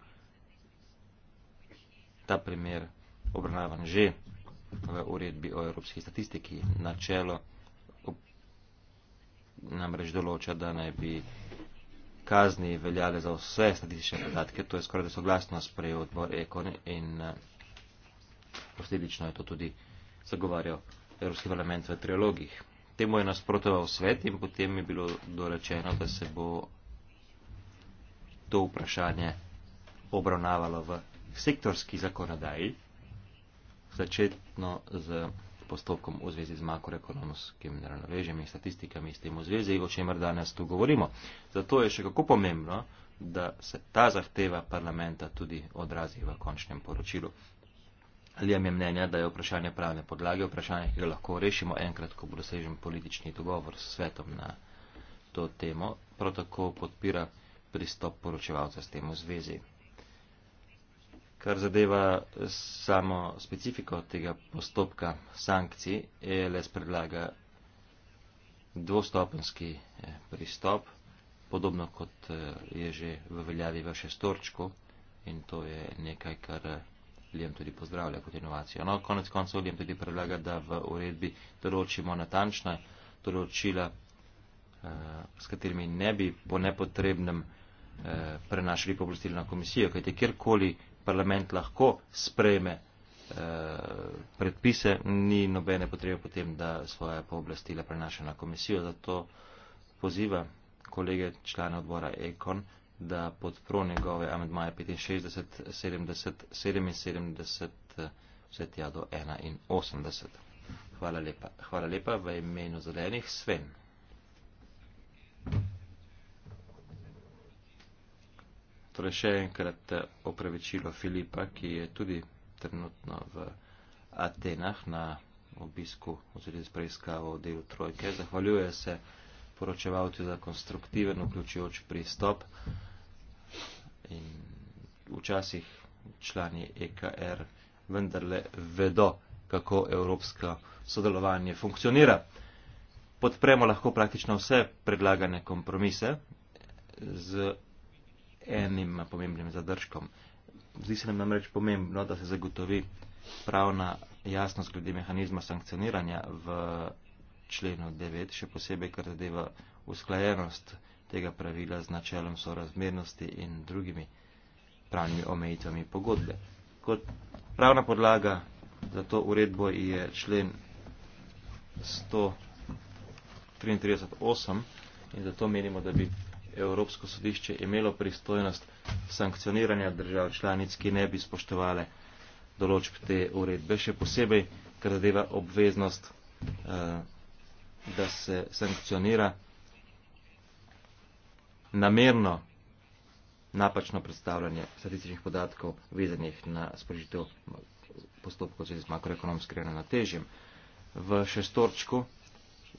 ta primer obravnavan že v uredbi o evropski statistiki. Načelo namreč določa, da naj bi kazni veljale za vse statistične podatke, to je skoraj da soglasno sprejel odbor Ekon in eh, posledično je to tudi zagovarjal Evropski parlament v trilogih temu je nasprotoval svet in potem je bilo dorečeno, da se bo to vprašanje obravnavalo v sektorski zakonodaji, začetno z postopkom v zvezi z makroekonomskimi ravnovežjami in statistikami s tem v zvezi, o čemer danes tu govorimo. Zato je še kako pomembno, da se ta zahteva parlamenta tudi odrazi v končnem poročilu ali je mnenja, da je vprašanje pravne podlage, vprašanje, ki ga lahko rešimo enkrat, ko bo dosežen politični dogovor s svetom na to temo, prav tako podpira pristop poročevalca s tem v zvezi. Kar zadeva samo specifiko tega postopka sankcij, ELS predlaga dvostopenski eh, pristop, podobno kot eh, je že v veljavi v šestorčku in to je nekaj, kar. Eh, Lijem tudi pozdravlja kot inovacijo. No, konec koncev Lijem tudi predlaga, da v uredbi določimo natančna določila, eh, s katerimi ne bi po nepotrebnem eh, prenašali pooblastil na komisijo, kajte kjerkoli parlament lahko sprejme eh, predpise, ni nobene potrebe potem, da svoje pooblastila prenaša na komisijo. Zato poziva kolege člane odbora Ekon, da podpro njegove amedmaje 65, 70, 77, vse tja do 81. Hvala lepa. Hvala lepa v imenu zelenih Sven. Torej še enkrat eh, opravičilo Filipa, ki je tudi trenutno v Atenah na obisku oziroma preiskavo v delu Trojke. Zahvaljuje se poročevalcu za konstruktiven, vključujoč pristop in včasih člani EKR vendarle vedo, kako evropsko sodelovanje funkcionira. Podpremo lahko praktično vse predlagane kompromise z enim pomembnim zadržkom. Zdi se nam namreč pomembno, da se zagotovi pravna jasnost glede mehanizma sankcioniranja v členu 9, še posebej, kar zadeva usklajenost tega pravila z načelom sorazmernosti in drugimi pravnimi omejitvami pogodbe. Kot pravna podlaga za to uredbo je člen 133.8 in zato menimo, da bi Evropsko sodišče imelo pristojnost sankcioniranja držav članic, ki ne bi spoštovale določb te uredbe, še posebej, ker zadeva obveznost, eh, da se sankcionira namerno napačno predstavljanje statističnih podatkov vezanih na sprožitev postopkov z makroekonomske rejene na težjem. V šestorčku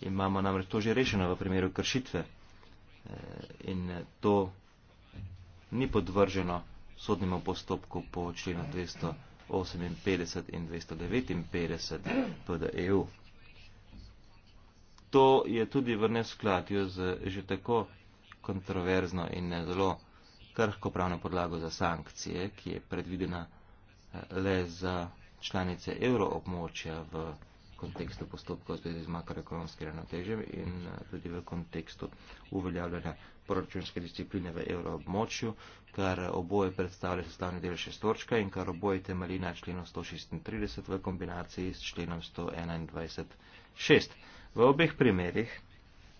imamo namreč to že rešeno v primeru kršitve eh, in to ni podvrženo sodnemu postopku po členu 258 in 259 PDEU. To je tudi v neskladju z že tako kontroverzno in ne zelo krhko pravno podlago za sankcije, ki je predvidena eh, le za članice evroobmočja v kontekstu postopkov v zvezi z makroekonomskim ravnotežjem in eh, tudi v kontekstu uveljavljanja proračunske discipline v evroobmočju, kar oboje predstavlja sestavni del šestorčka in kar oboje temelji na členu 136 v kombinaciji s členom 121.6. V obeh primerih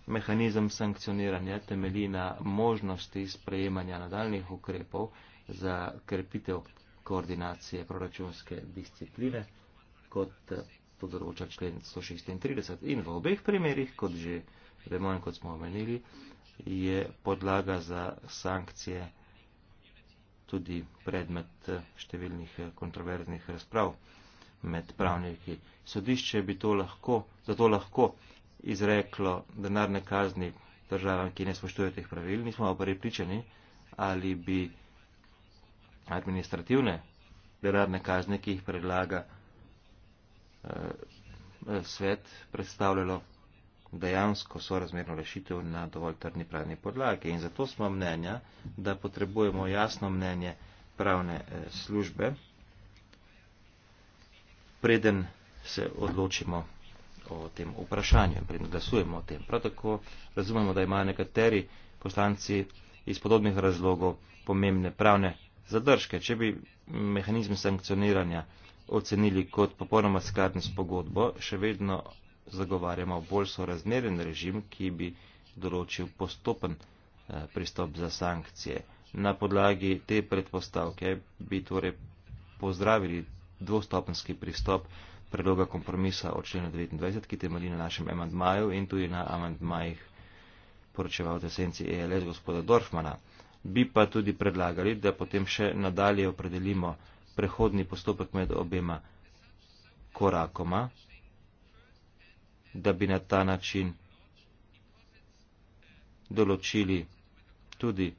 mehanizem sankcioniranja temelji na možnosti sprejemanja nadaljnih ukrepov za krepitev koordinacije proračunske discipline, kot to določa člen 136. In v obeh primerih, kot že vemo in kot smo omenili, je podlaga za sankcije tudi predmet številnih kontroverznih razprav med pravniki. Sodišče bi to lahko, zato lahko izreklo denarne kazni državam, ki ne spoštujejo teh pravil, nismo pa pripričani, ali bi administrativne denarne kazni, ki jih predlaga eh, eh, svet, predstavljalo dejansko sorazmerno rešitev na dovolj trdni pravni podlagi. In zato smo mnenja, da potrebujemo jasno mnenje pravne eh, službe, preden se odločimo o tem vprašanju in glasujemo o tem. Prav tako razumemo, da imajo nekateri poslanci iz podobnih razlogov pomembne pravne zadržke. Če bi mehanizme sankcioniranja ocenili kot popolnoma skladni s pogodbo, še vedno zagovarjamo bolj sorazmeren režim, ki bi določil postopen eh, pristop za sankcije. Na podlagi te predpostavke bi torej pozdravili dvostopenski pristop predloga kompromisa o členu 29, ki temelji na našem amantmaju in tudi na amantmajih poročeval desenci ELS gospoda Dorfmana. Bi pa tudi predlagali, da potem še nadalje opredelimo prehodni postopek med obema korakoma, da bi na ta način določili tudi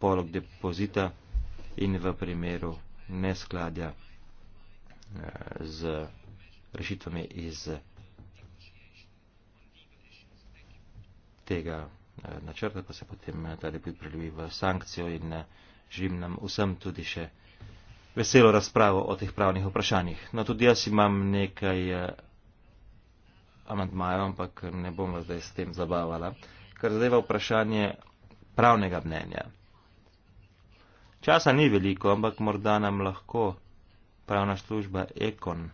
polog depozita in v primeru neskladja z rešitvami iz tega eh, načrta, pa se potem eh, tudi pripravi v sankcijo in eh, živim nam vsem tudi še veselo razpravo o teh pravnih vprašanjih. No, tudi jaz imam nekaj amantmajo, ampak ne bom vas zdaj s tem zabavala, kar zadeva vprašanje pravnega mnenja. Časa ni veliko, ampak morda nam lahko pravna služba Ekon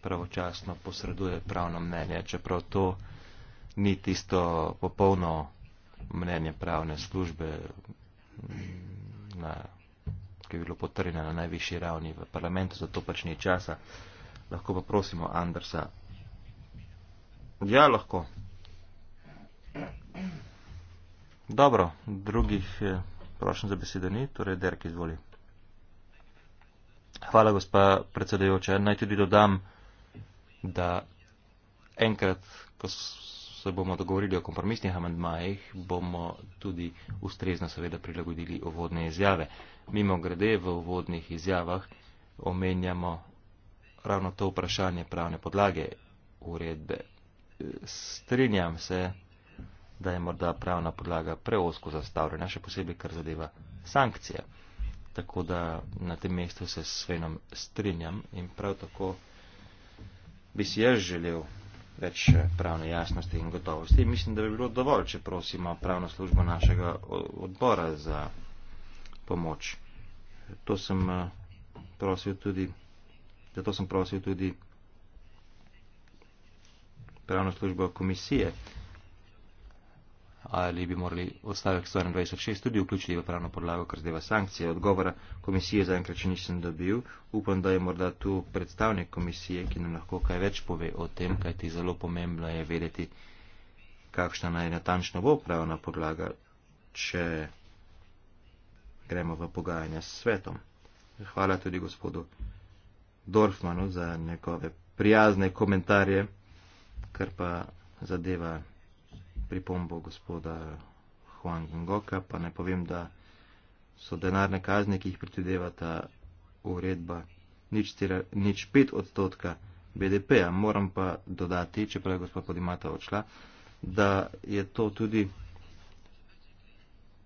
pravočasno posreduje pravno mnenje, čeprav to ni tisto popolno mnenje pravne službe, mm, na, ki je bilo potrjeno na najvišji ravni v parlamentu, zato pač ni časa. Lahko pa prosimo Andersa. Ja, lahko. Dobro, drugih eh, prošljem za besedo ni, torej Derek izvoli. Hvala, gospa predsedajoča. Naj tudi dodam, da enkrat, ko se bomo dogovorili o kompromisnih amendmajih, bomo tudi ustrezno seveda prilagodili uvodne izjave. Mimo grede v uvodnih izjavah omenjamo ravno to vprašanje pravne podlage uredbe. Strinjam se, da je morda pravna podlaga preosko zastavljena, še posebej kar zadeva sankcije. Tako da na tem mestu se s Svenom strinjam in prav tako bi si jaz želel več eh, pravne jasnosti in gotovosti. Mislim, da bi bilo dovolj, če prosimo pravno službo našega odbora za pomoč. To sem eh, prosil tudi, zato sem prosil tudi pravno službo komisije ali bi morali odstavek 126 tudi vključili v pravno podlago, kar zdaj sankcije. Odgovora komisije zaenkrat še nisem dobil. Upam, da je morda tu predstavnik komisije, ki nam lahko kaj več pove o tem, kaj ti zelo pomembno je vedeti, kakšna naj natančno bo pravna podlaga, če gremo v pogajanja s svetom. Hvala tudi gospodu Dorfmanu za njegove prijazne komentarje, kar pa zadeva pripombo gospoda Huang Ngoka, pa ne povem, da so denarne kazne, ki jih predvideva ta uredba, nič, cira, nič pet odstotka BDP-a. Moram pa dodati, čeprav je gospod Podimata odšla, da je to tudi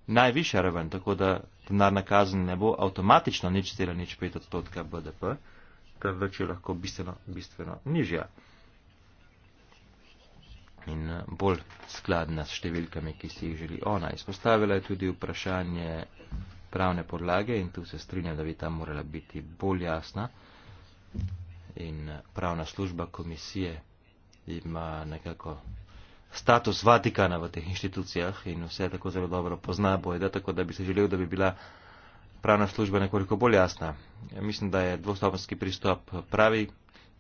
najvišja raven, tako da denarna kazen ne bo avtomatično nič cira, nič pet odstotka BDP, temveč je lahko bistveno, bistveno nižja in eh, bolj skladna s številkami, ki si jih želi ona. Izpostavila je tudi vprašanje pravne podlage in tu se strinja, da bi tam morala biti bolj jasna. In eh, pravna služba komisije ima nekako status Vatikana v teh inštitucijah in vse tako zelo dobro pozna bojda, tako da bi se želel, da bi bila pravna služba nekoliko bolj jasna. Ja mislim, da je dvostopenski pristop pravi,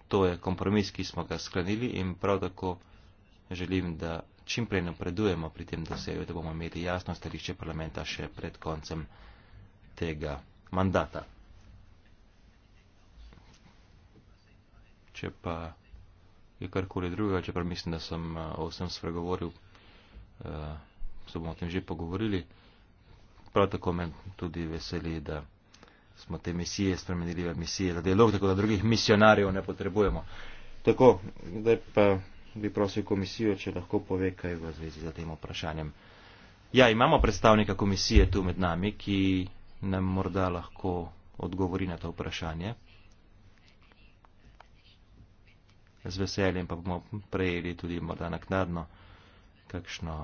to je kompromis, ki smo ga sklenili in prav tako želim, da čim prej napredujemo pri tem dosegu, da bomo imeli jasno stališče parlamenta še pred koncem tega mandata. Če pa je karkoli drugega, čeprav mislim, da sem eh, o vsem spregovoril, eh, so bomo o tem že pogovorili. Prav tako me tudi veseli, da smo te misije spremenili v misije za dialog, tako da drugih misionarjev ne potrebujemo. Tako, zdaj pa bi prosil komisijo, če lahko pove kaj v zvezi za tem vprašanjem. Ja, imamo predstavnika komisije tu med nami, ki nam morda lahko odgovori na to vprašanje. Z veseljem pa bomo prejeli tudi morda naknadno kakšno,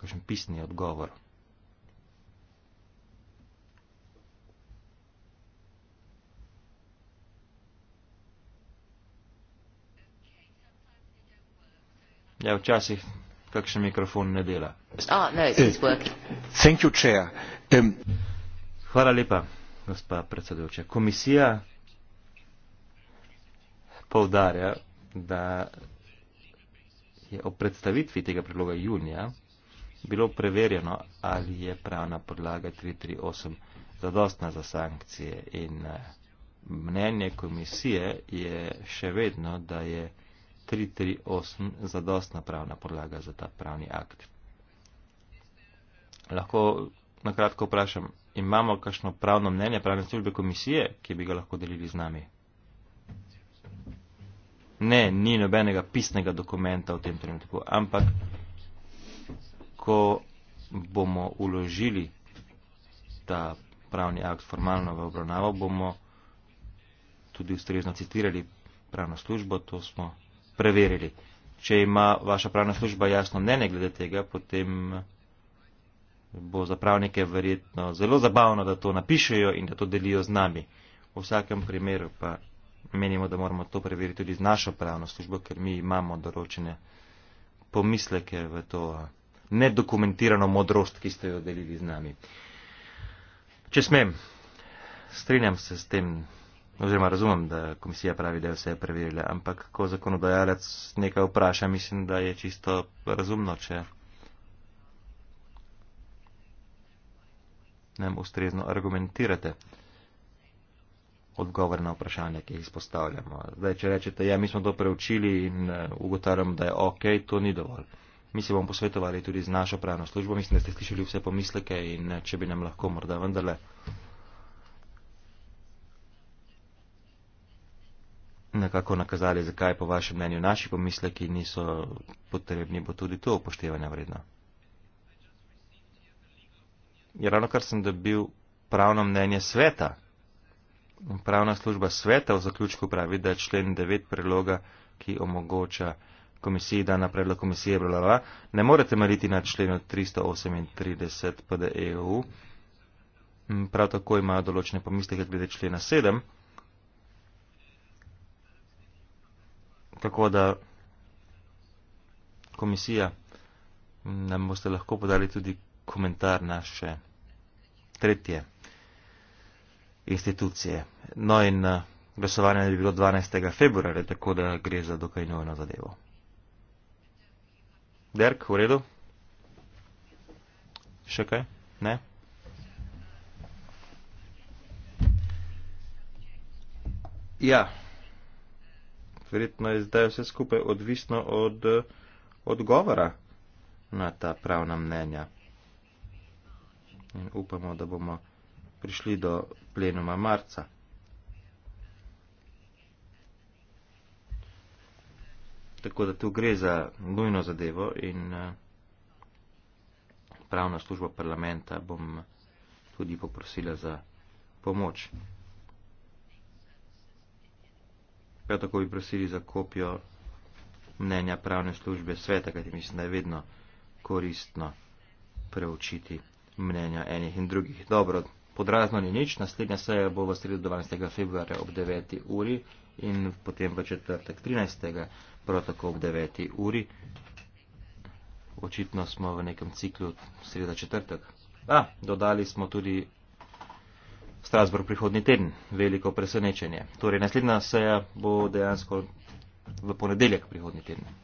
kakšen pisni odgovor. Ja, včasih kakšen mikrofon ne dela. Oh, no, eh, you, um, Hvala lepa, gospa predsedujoča. Komisija povdarja, da je o predstavitvi tega predloga junija bilo preverjeno, ali je pravna podlaga 338 zadostna za sankcije. In eh, mnenje komisije je še vedno, da je 338 zadostna pravna podlaga za ta pravni akt. Lahko nakratko vprašam, imamo kakšno pravno mnenje pravne službe komisije, ki bi ga lahko delili z nami? Ne, ni nobenega pisnega dokumenta v tem trenutku, ampak ko bomo uložili ta pravni akt formalno v obravnavo, bomo tudi ustrezno citirali pravno službo, to smo preverili. Če ima vaša pravna služba jasno mnenje glede tega, potem bo za pravnike verjetno zelo zabavno, da to napišejo in da to delijo z nami. V vsakem primeru pa menimo, da moramo to preveriti tudi z našo pravno službo, ker mi imamo določene pomisleke v to nedokumentirano modrost, ki ste jo delili z nami. Če smem, strinjam se s tem oziroma razumem, da komisija pravi, da je vse preverila, ampak ko zakonodajalec nekaj vpraša, mislim, da je čisto razumno, če nam ustrezno argumentirate odgovor na vprašanje, ki jih izpostavljamo. Zdaj, če rečete, ja, mi smo to preučili in eh, ugotavljamo, da je ok, to ni dovolj. Mi se bomo posvetovali tudi z našo pravno službo, mislim, da ste slišali vse pomisleke in eh, če bi nam lahko morda vendarle. nekako nakazali, zakaj po vašem mnenju naši pomisleki niso potrebni, bo tudi to upoštevanja vredno. Je ja, ravno kar sem dobil pravno mnenje sveta. Pravna služba sveta v zaključku pravi, da člen 9 preloga, ki omogoča komisiji, da na predlog komisije blalala, ne more temeljiti na členu 338 PDEU. Prav tako imajo določene pomisleke glede člena 7. tako da komisija nam boste lahko podali tudi komentar naše tretje institucije. No in eh, glasovanje je bilo 12. februarja, tako da gre za dokaj nujno zadevo. Derk, v redu? Še kaj? Ne? Ja. Yeah verjetno je zdaj vse skupaj odvisno od odgovora na ta pravna mnenja. In upamo, da bomo prišli do plenuma marca. Tako da tu gre za nujno zadevo in eh, pravna služba parlamenta bom tudi poprosila za pomoč. Prav tako bi prosili za kopijo mnenja pravne službe sveta, kajti mislim, da je vedno koristno preučiti mnenja enih in drugih. Dobro, podrazno ni nič, naslednja seja bo v sredo 12. februarja ob 9. uri in potem v četrtek 13. prav tako ob 9. uri. Očitno smo v nekem ciklu sreda četrtek. A, dodali smo tudi Strasbourg prihodni teden. Veliko presenečenje. Torej, naslednja seja bo dejansko v ponedeljek prihodni teden.